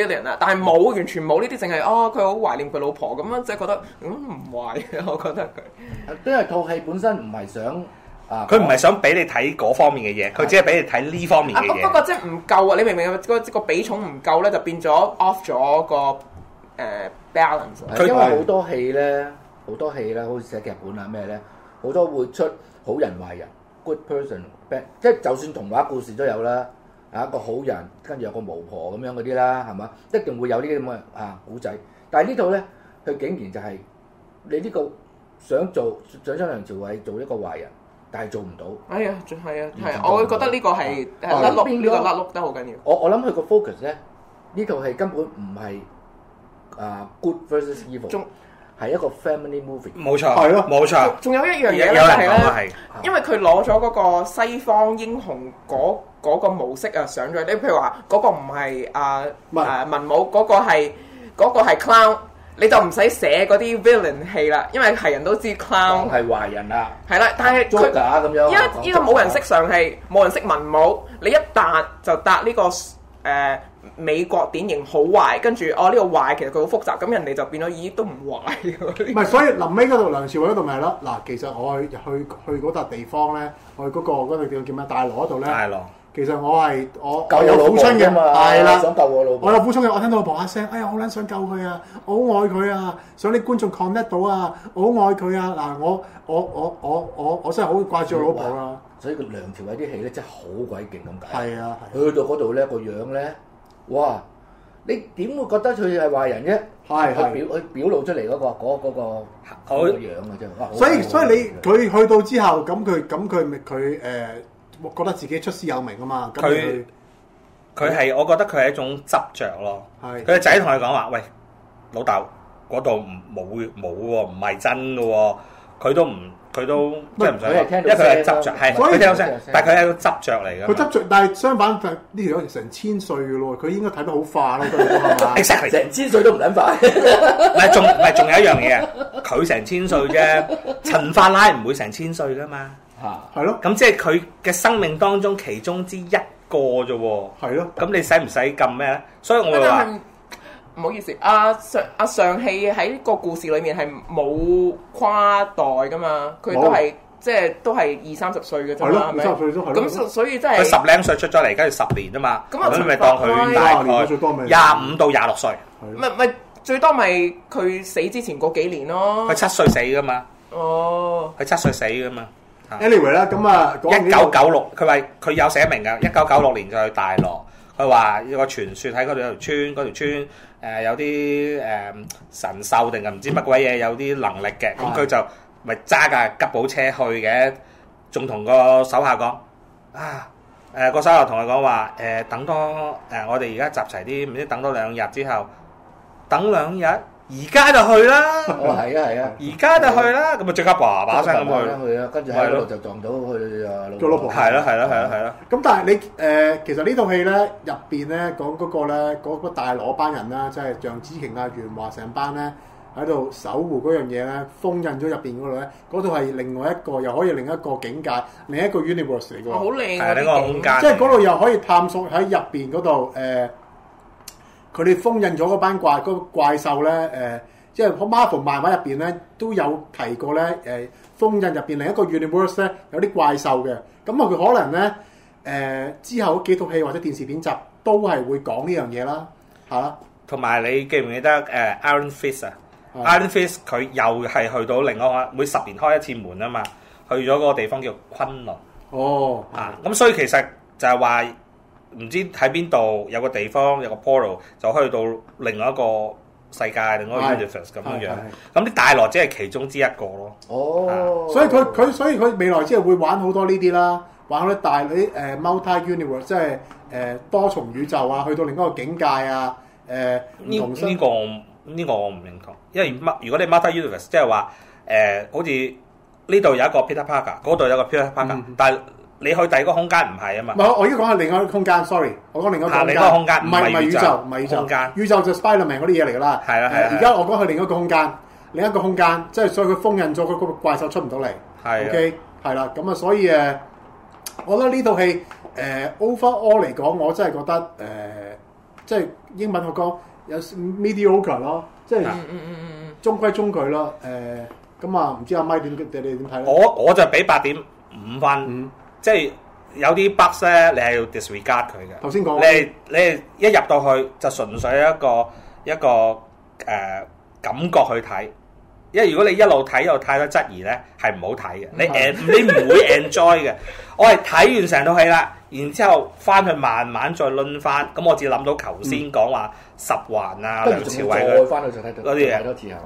villain 啦。但係冇完全冇呢啲，淨係哦佢好懷念佢老婆咁樣，即係覺得唔、嗯、壞嘅。我覺得佢因為套戲本身唔係想。佢唔係想俾你睇嗰方面嘅嘢，佢只係俾你睇呢方面嘅嘢、啊。不過即係唔夠啊！你明唔明啊？個個比重唔夠咧，就變咗 off 咗個誒、uh, balance。佢因為好多戲咧，好多戲咧，好似寫劇本啊咩咧，好多會出好人壞人，good person bad。即係就算童話故事都有啦，啊個好人跟住有個巫婆咁樣嗰啲啦，係嘛？一定會有呢啲咁嘅啊古仔。但係呢套咧，佢竟然就係你呢個想做想將梁朝偉做一個壞人。但係做唔到。哎呀，係啊，係啊，我會覺得呢個係甩碌邊邊，甩碌得好緊要。我我諗佢個 focus 咧，呢套戲根本唔係啊 good versus evil，中係一個 family movie。冇錯，係咯，冇錯。仲有一樣嘢咧，係因為佢攞咗嗰個西方英雄嗰嗰個模式啊，上咗你譬如話嗰個唔係啊誒文武嗰個係嗰個係 clown。你就唔使寫嗰啲 villain 戲啦，因為係人都知 clown 係壞人啦、啊。係啦，但係佢因為依家冇人識上戲，冇、啊、人識文武。你一搭就答呢、呢個、呃、美國典型好壞，跟住哦呢、呢個壞其實佢好複雜，咁人哋就變咗咦，都唔壞。唔係，所以臨尾嗰度梁朝偉嗰度咪係咯？嗱，其實我去去去嗰笪地方咧，我去嗰、嗰個嗰度、嗰個嗰個嗰個、叫叫咩大羅嗰度咧。大其實我係我救我老我有老親嘅，嘛，係啦，想救我老婆。我有父親嘅，我聽到老婆嘅聲，哎呀，我撚想救佢啊，我好愛佢啊，想啲觀眾 connect 到啊，我好愛佢啊。嗱，我我我我我我，我，我，我真係好掛住老婆啊。所以佢梁朝偉啲戲咧真係好鬼勁咁解。係啊，佢、啊、去到嗰度咧個樣咧，哇！你點會覺得佢係壞人啫？係佢、啊、表去表露出嚟嗰、嗰個嗰嗰、嗰個嗰、嗰個、樣嘅啫。所以所以，所以你佢去到之後咁佢咁佢咪佢誒？我覺得自己出師有名啊嘛，佢佢係我覺得佢係一種執着咯。係佢個仔同佢講話，喂老豆嗰度唔冇冇喎，唔係真噶喎。佢都唔佢都即係唔想，因為佢係執著，係佢聽聲。但係佢係一個執着嚟嘅。佢執着，但係相反，呢條成千歲嘅咯，佢應該睇得好化咯 ，Exactly 成千歲都唔想化。唔係仲唔係仲有一樣嘢？佢成千歲啫，陳法拉唔會成千歲噶嘛。啊，係咯，咁即係佢嘅生命當中其中之一個啫喎。係咯，咁你使唔使撳咩咧？所以我就話，唔好意思，阿、啊、上阿、啊、尚氣喺個故事裏面係冇跨代噶嘛，佢都係、哦、即係都係二三十歲嘅啫嘛。二三十歲都係咁，所以真係佢十零歲出咗嚟，而家要十年啊嘛，咁你咪當佢大概廿五到廿六歲，唔係係，最多咪佢死之前嗰幾年咯。佢七歲死噶嘛？哦，佢七歲死噶嘛？anyway 啦，咁啊講一九九六，佢話佢有寫明嘅，一九九六年就去大陸，佢話個傳説喺嗰條村，嗰條村誒有啲誒神獸定係唔知乜鬼嘢，有啲能力嘅。咁佢就咪揸架吉普車去嘅，仲同個手下講啊，誒個手下同佢講話誒等多誒我哋而家集齊啲，唔知等多兩日之後，等兩日。而家就去啦！我係啊係啊！而家、啊、就去啦！咁啊，即刻叭叭聲咁去啦去啦！跟住喺度就撞到佢啊老婆！係啦係啦係啦係啦！咁、啊啊啊啊啊、但係你誒、呃，其實呢套戲咧入邊咧講嗰個咧嗰個，嗰個大羅班人啦，即係楊紫瓊啊袁華成班咧喺度守護嗰樣嘢咧，封印咗入邊嗰度咧，嗰度係另外一個又可以另一個境界，另一個 universe 嚟㗎喎！好靚、係啊，呢個空間，即係嗰度又可以探索喺入邊嗰度誒。呃佢哋封印咗嗰班怪、嗰、那個、怪獸咧，誒、呃，即係 Marvel 漫畫入邊咧都有提過咧，誒、呃，封印入邊另一個 Universe 咧有啲怪獸嘅，咁啊佢可能咧，誒、呃，之後嗰幾套戲或者電視片集都係會講呢樣嘢啦，係啦。同埋你記唔記得誒、uh, Iron Fist 啊？Iron Fist 佢又係去到另外一個每十年開一次門啊嘛，去咗個地方叫昆侖。哦。啊，咁所以其實就係話。唔知喺邊度有個地方有個 portal 就可以到另外一個世界，另外一個 universe 咁樣。咁啲大羅只係其中之一個咯。哦，啊、所以佢佢所以佢未來即係會玩好多呢啲啦，玩好多大嗰啲、呃、multi universe，即係、呃、多重宇宙啊，去到另一個境界啊，誒、呃。呢呢、這個呢、這個、我唔認同，因為如果你 multi universe 即係話、呃、好似呢度有一個 Peter Parker，嗰度有一個 Peter Parker，、嗯、但你去第二個空間唔係啊嘛？唔係，我依家講係另一個空間。Sorry，我講另一個空間。唔你唔係宇宙，唔係宇宙。宇宙就 Spiderman 嗰啲嘢嚟噶啦。係啦。而家我講去另一個空間，另一個空間，即係、啊啊啊啊、所以佢封印咗佢個怪獸出唔到嚟。係、啊。O.K. 係啦。咁啊，所以誒，我覺得呢套戲誒、呃、overall 嚟講，我真係覺得誒、呃，即係英文我講有 mediocre 咯，即係中規中矩咯。誒、呃，咁啊，唔知阿 Mike 點睇你點睇咧？我我就俾八點五分。即係有啲 bug 咧，你係要 disregard 佢嘅。頭先講，你係你係一入到去就純粹一個一個誒、呃、感覺去睇，因為如果你一路睇又太多質疑咧，係唔好睇嘅、嗯。你誒 你唔會 enjoy 嘅。我係睇完成套戲啦，然之後翻去慢慢再論翻。咁我只諗到頭先講話十環啊、梁朝偉嗰啲嘢。好多次係咪？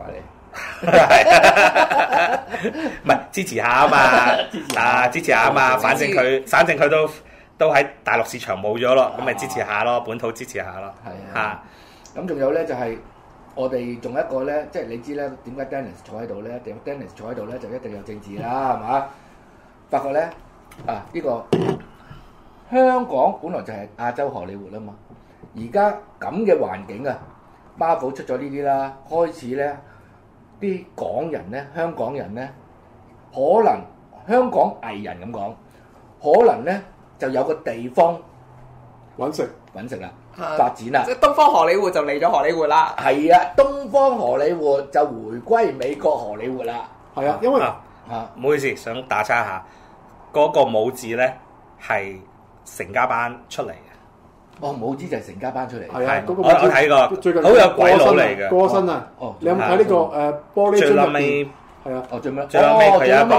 係， 唔係支持下啊嘛，啊，支持下啊持下嘛，反正佢，反正佢都都喺大陸市場冇咗咯，咁、啊、咪支持下咯，本土支持下咯，吓、啊，咁、啊、仲、啊、有咧就係、是、我哋仲有一個咧，即、就、係、是、你知咧，點解 Dennis 坐喺度咧？點 Dennis 坐喺度咧？就一定有政治啦，係嘛？ 發覺咧，啊，呢、這個香港本來就係亞洲荷里活啊嘛，而家咁嘅環境啊巴 a 出咗呢啲啦，開始咧。啲港人咧，香港人咧，可能香港藝人咁講，可能咧就有個地方揾食揾食啦、啊，發展啦。即係東方荷里活就嚟咗荷里活啦。係啊，東方荷里活就回歸美國荷里活啦。係啊，因為啊，啊，唔好意思，想打岔一下，嗰、嗰個武字咧係成家班出嚟。哦，武指就係成家班出嚟。係啊，嗰個我睇過。最近好有鬼佬嚟嘅，過身啊！哦，你有冇睇呢個誒玻璃樽入邊？係啊。哦，最尾最尾係一個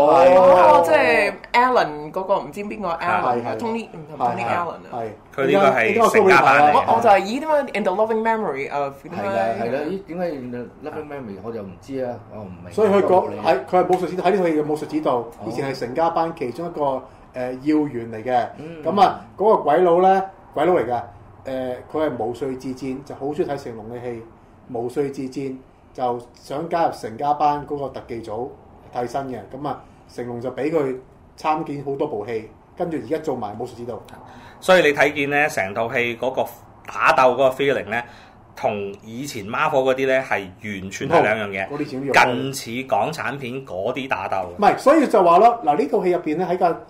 哦，即係 Allen 嗰個唔知邊個 Allen，Tony 唔係 Tony Allen 啊。係。佢呢個係成家班嚟。我我就係咦點解 In the loving memory of？係啦係啦。咦點解 loving memory 我就唔知啊，我唔明。所以佢講係佢係武術指導，睇呢套戲嘅武術指導以前係成家班其中一個誒要員嚟嘅。嗯。咁啊，嗰個鬼佬咧～鬼佬嚟噶，誒佢係無序自戰，就好中意睇成龍嘅戲。無序自戰就想加入成家班嗰個特技組替身嘅，咁啊成龍就俾佢參見好多部戲，跟住而家做埋武術指導。所以你睇見咧，成套戲嗰個打鬥嗰個 feeling 咧，同以前 Marvel 嗰啲咧係完全係兩樣嘢，近似港產片嗰啲打鬥。唔係，所以就話咯，嗱呢套戲入邊咧喺個。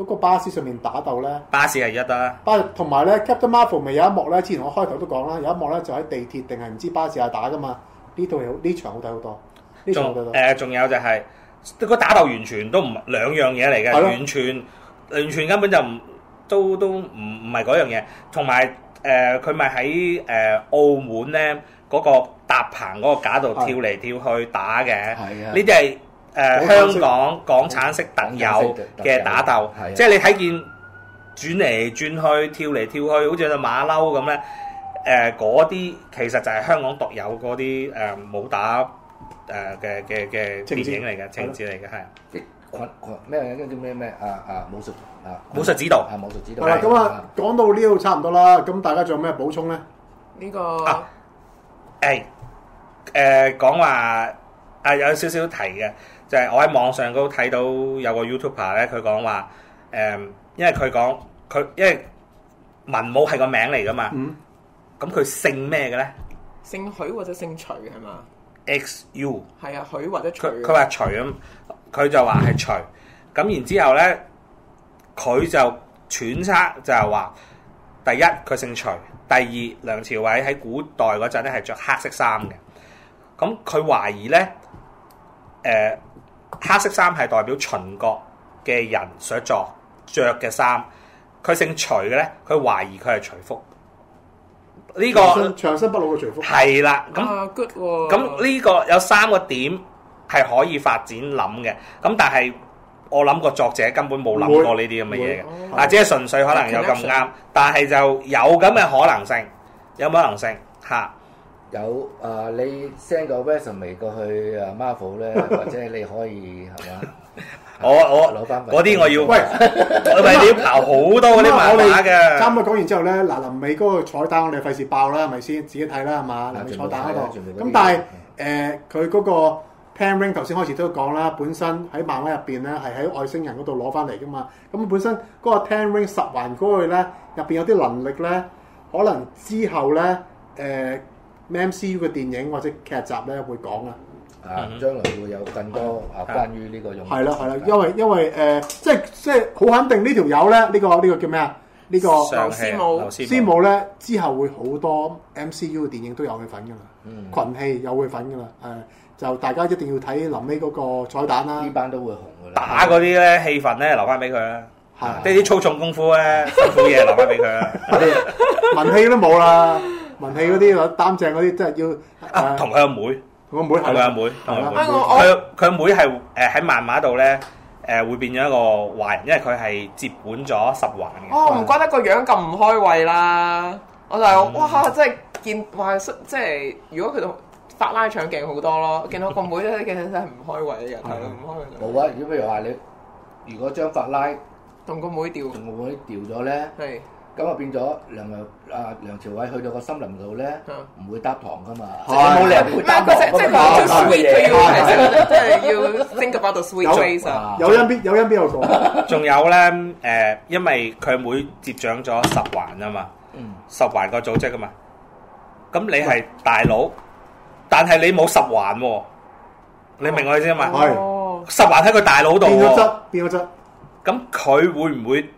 嗰個巴士上面打鬥咧，巴士係一得啦。同埋咧，Captain Marvel 咪有一幕咧，之前我開頭都講啦，有一幕咧就喺地鐵定係唔知巴士啊打噶嘛。呢度好，呢場好睇好多。仲誒仲有就係嗰打鬥完全都唔兩樣嘢嚟嘅，完全完全根本就唔都都唔唔係嗰樣嘢。同埋誒佢咪喺誒澳門咧嗰個搭棚嗰個架度跳嚟跳去打嘅。係啊，呢啲係。誒、呃、香港港產式特有嘅打鬥，是即係你睇見轉嚟轉去、跳嚟跳去，好似隻馬騮咁咧。誒嗰啲其實就係香港獨有嗰啲誒武打誒嘅嘅嘅電影嚟嘅，青字嚟嘅係。啲咩？嗰咩咩？啊、嗯、啊！武術啊，武術指導係武術指導。係啦，咁啊，啊，講到呢度差唔多啦。咁大家仲有咩補充咧？呢、呢個係、啊、誒、欸呃、講話啊，有少少提嘅。就係、是、我喺網上都睇到有個 YouTuber 咧，佢講話誒，因為佢講佢因為文武係個名嚟噶嘛，咁、嗯、佢姓咩嘅咧？姓許或者姓徐係嘛？X U 係啊，許或者徐、啊。佢佢話徐，咁，佢就話係徐。咁然之後咧，佢就揣測就係話，第一佢姓徐，第二梁朝偉喺古代嗰陣咧係着黑色衫嘅。咁佢懷疑咧，誒、呃。黑色衫係代表秦國嘅人所着着嘅衫，佢姓徐嘅咧，佢懷疑佢係徐福，呢個長生不老嘅徐福，係啦，咁咁呢個有三個點係可以發展諗嘅，咁但係我諗個作者根本冇諗過呢啲咁嘅嘢嘅，嗱、啊、只係純粹可能有咁啱，但係就有咁嘅可能性，有冇可能性吓？有啊！你 send 個 resume 過去啊 Marvel 咧，或者你可以係嘛？我我攞翻嗰啲我要，喂，你要刨好多嗰啲漫畫嘅。啱啱講完之後咧，嗱林尾嗰個彩蛋我哋費事爆啦，係咪先？自己睇啦，係嘛？林尾彩蛋嗰度。咁但係誒，佢嗰個 Ten Ring 頭先開始都講啦，本身喺漫畫入邊咧係喺外星人嗰度攞翻嚟噶嘛。咁本身嗰個 Ten Ring 十環嗰個咧入邊有啲能力咧，可能之後咧誒。M C U 嘅電影或者劇集咧會講啦，啊、嗯，將來會有更多啊，關於呢個種。係啦係啦，因為因為、呃、即係即係好肯定呢條友咧，呢、這個呢、這個叫咩啊？呢、這個上劉師母，師母咧之後會好多 M C U 嘅電影都有佢份噶啦、嗯，群戲有佢份噶啦，就大家一定要睇臨尾嗰個彩蛋啦。呢班都會紅噶啦。打嗰啲咧戲份咧留翻俾佢啦，即係啲粗重功夫咧辛苦嘢留翻俾佢啦， 文戲都冇啦。文氣嗰啲攞擔正嗰啲真係要，同佢阿妹，佢阿妹，同佢阿妹，佢佢阿妹係誒，喺漫畫度咧，誒會變咗一個壞人，因為佢係接本咗十環嘅。哦，唔怪得個樣咁唔開胃啦！我就係哇，真係見哇，即係如果佢同法拉搶鏡好多咯，見到個妹真係其實真係唔開胃嘅人，係唔開胃。冇啊！如果譬如話你，如果將法拉同個妹調，同個妹調咗咧，係咁就變咗兩個。啊，梁朝偉去到個森林度咧，唔會搭堂噶嘛，即係冇糧唔會搭堂，即係要升個八度 sweet 啊！有因必有因必有果？仲有咧，誒，因為佢阿妹接掌咗十環啊嘛，十環個組織啊嘛，咁你係大佬，但係你冇十環，你明我意思嘛？係十環喺佢大佬度變咗質，變咗質。咁佢會唔會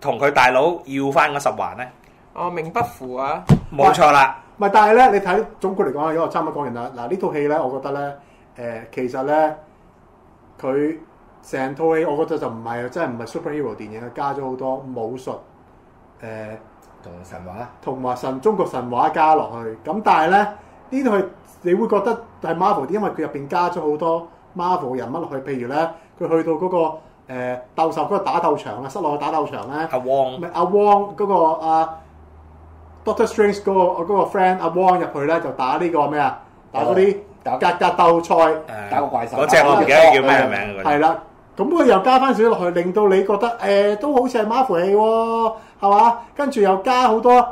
同佢大佬要翻個十環咧？哦，名不符啊！冇錯啦，咪但係咧，你睇總括嚟講啊，又差唔多講完啦。嗱，呢套戲咧，我覺得咧，誒、呃，其實咧，佢成套戲我覺得就唔係真係唔係 superhero 電影啊，佢加咗好多武術誒同神話，同華神、中國神話加落去。咁但係咧，呢套戲你會覺得係 Marvel 啲，因為佢入邊加咗好多 Marvel 人物落去。譬如咧，佢去到嗰、那個誒鬥獸嗰個打鬥場,打鬥場啊，室內打鬥場咧，阿汪唔係阿汪嗰個、啊 Doctor Strange 嗰個我嗰個 friend 阿王入去咧就打呢個咩啊？打嗰啲格格鬥賽，嗯、打，個打個怪獸。嗰、那個、我唔記得叫咩名。係、啊、啦，咁、那、佢、個嗯那個、又加翻少少落去，令到你覺得誒、欸、都好似係 Marvel 戲喎，係嘛？跟住又加好多，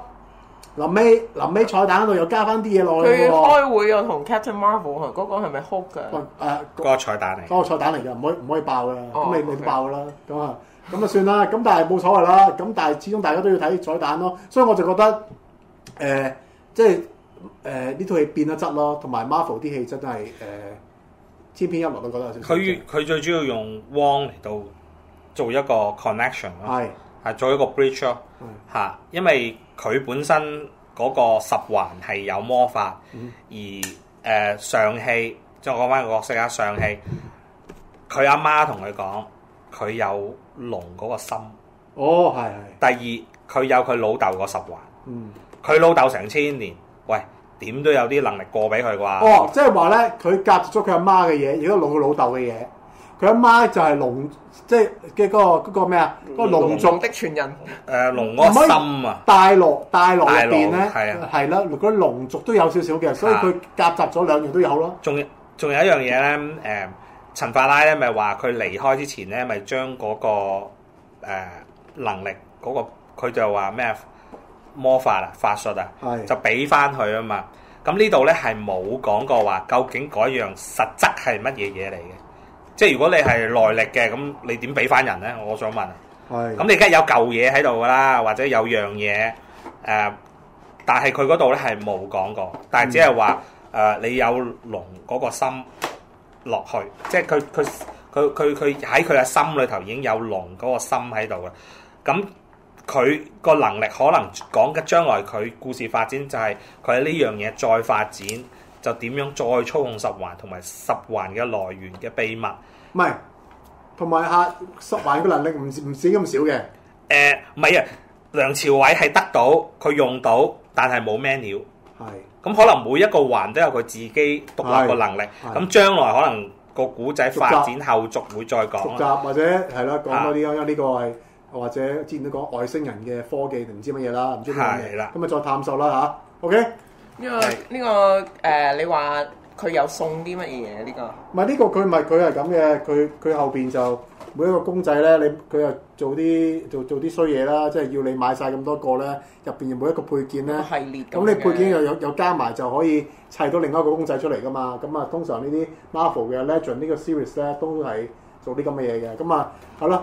臨尾臨尾彩蛋嗰度又加翻啲嘢落去。佢要開會又 Marvel，是是啊，同 Captain Marvel 嗰個係咪 Hulk 㗎？誒，個彩蛋嚟，那個彩蛋嚟嘅，唔可以唔可以爆㗎？咁、哦、咪、okay. 爆啦。咁啊，咁啊算啦。咁但係冇所謂啦。咁但係始終大家都要睇彩蛋咯。所以我就覺得。誒、呃，即係誒呢套戲變咗質咯，同埋 Marvel 啲氣質都係誒千篇一律咯，覺得佢。佢佢最主要用汪嚟到做一個 connection 咯，係係做一個 bridge 咯吓，因為佢本身嗰個十環係有魔法，嗯、而誒、呃、尚氣，我講翻個角色啊，尚氣佢阿、嗯、媽同佢講，佢有龍嗰個心，哦係係，第二佢有佢老豆個十環，嗯。佢老豆成千年，喂，點都有啲能力過俾佢啩？哦，即係話咧，佢夾雜咗佢阿媽嘅嘢，亦都攞佢老豆嘅嘢。佢阿媽就係龍，即係嘅嗰個嗰、嗰個咩啊？嗰、嗰個龍的傳人。誒、呃，龍窩心啊！大陸大陸邊咧？係啊，係啦，如果龍族都有少少嘅，所以佢夾雜咗兩樣都有咯。仲仲有一樣嘢咧，誒、呃，陳法拉咧，咪話佢離開之前咧、那個，咪將嗰個能力嗰、嗰個，佢就話咩？魔法啊，法術啊，係就俾翻佢啊嘛。咁呢度咧係冇講過話，究竟嗰樣實質係乜嘢嘢嚟嘅？即係如果你係內力嘅，咁你點俾翻人咧？我想問啊。係。咁你而家有舊嘢喺度噶啦，或者有樣嘢、呃、但係佢嗰度咧係冇講過，但係只係話、呃、你有龍嗰個心落去，即係佢佢佢佢佢喺佢嘅心裏頭已經有龍嗰個心喺度啦。咁佢個能力可能講嘅將來佢故事發展就係佢喺呢樣嘢再發展、嗯、就點樣再操控十環同埋十環嘅來源嘅秘密，唔係同埋嚇十環嘅能力唔唔少咁少嘅。誒唔係啊，梁朝偉係得到佢用到，但係冇咩料。係咁可能每一個環都有佢自己獨立嘅能力。咁將來可能個古仔發展後續會再講。複雜或者係咯，講多啲咯，因為，呢個係。或者之前都講外星人嘅科技定唔知乜嘢啦，唔知乜嘢咁啊，再探索啦吓、啊、OK，呢、這個呢、這個誒、呃，你話佢有送啲乜嘢嘢？呢、這個唔係呢個佢唔係佢係咁嘅，佢佢後邊就每一個公仔咧，你佢又做啲做做啲衰嘢啦，即係要你買晒咁多個咧，入邊每一個配件咧，系列咁你配件又有有，有加埋就可以砌到另一個公仔出嚟噶嘛。咁啊，通常呢啲 Marvel 嘅 Legend 呢個 series 咧都係做啲咁嘅嘢嘅。咁啊，好啦。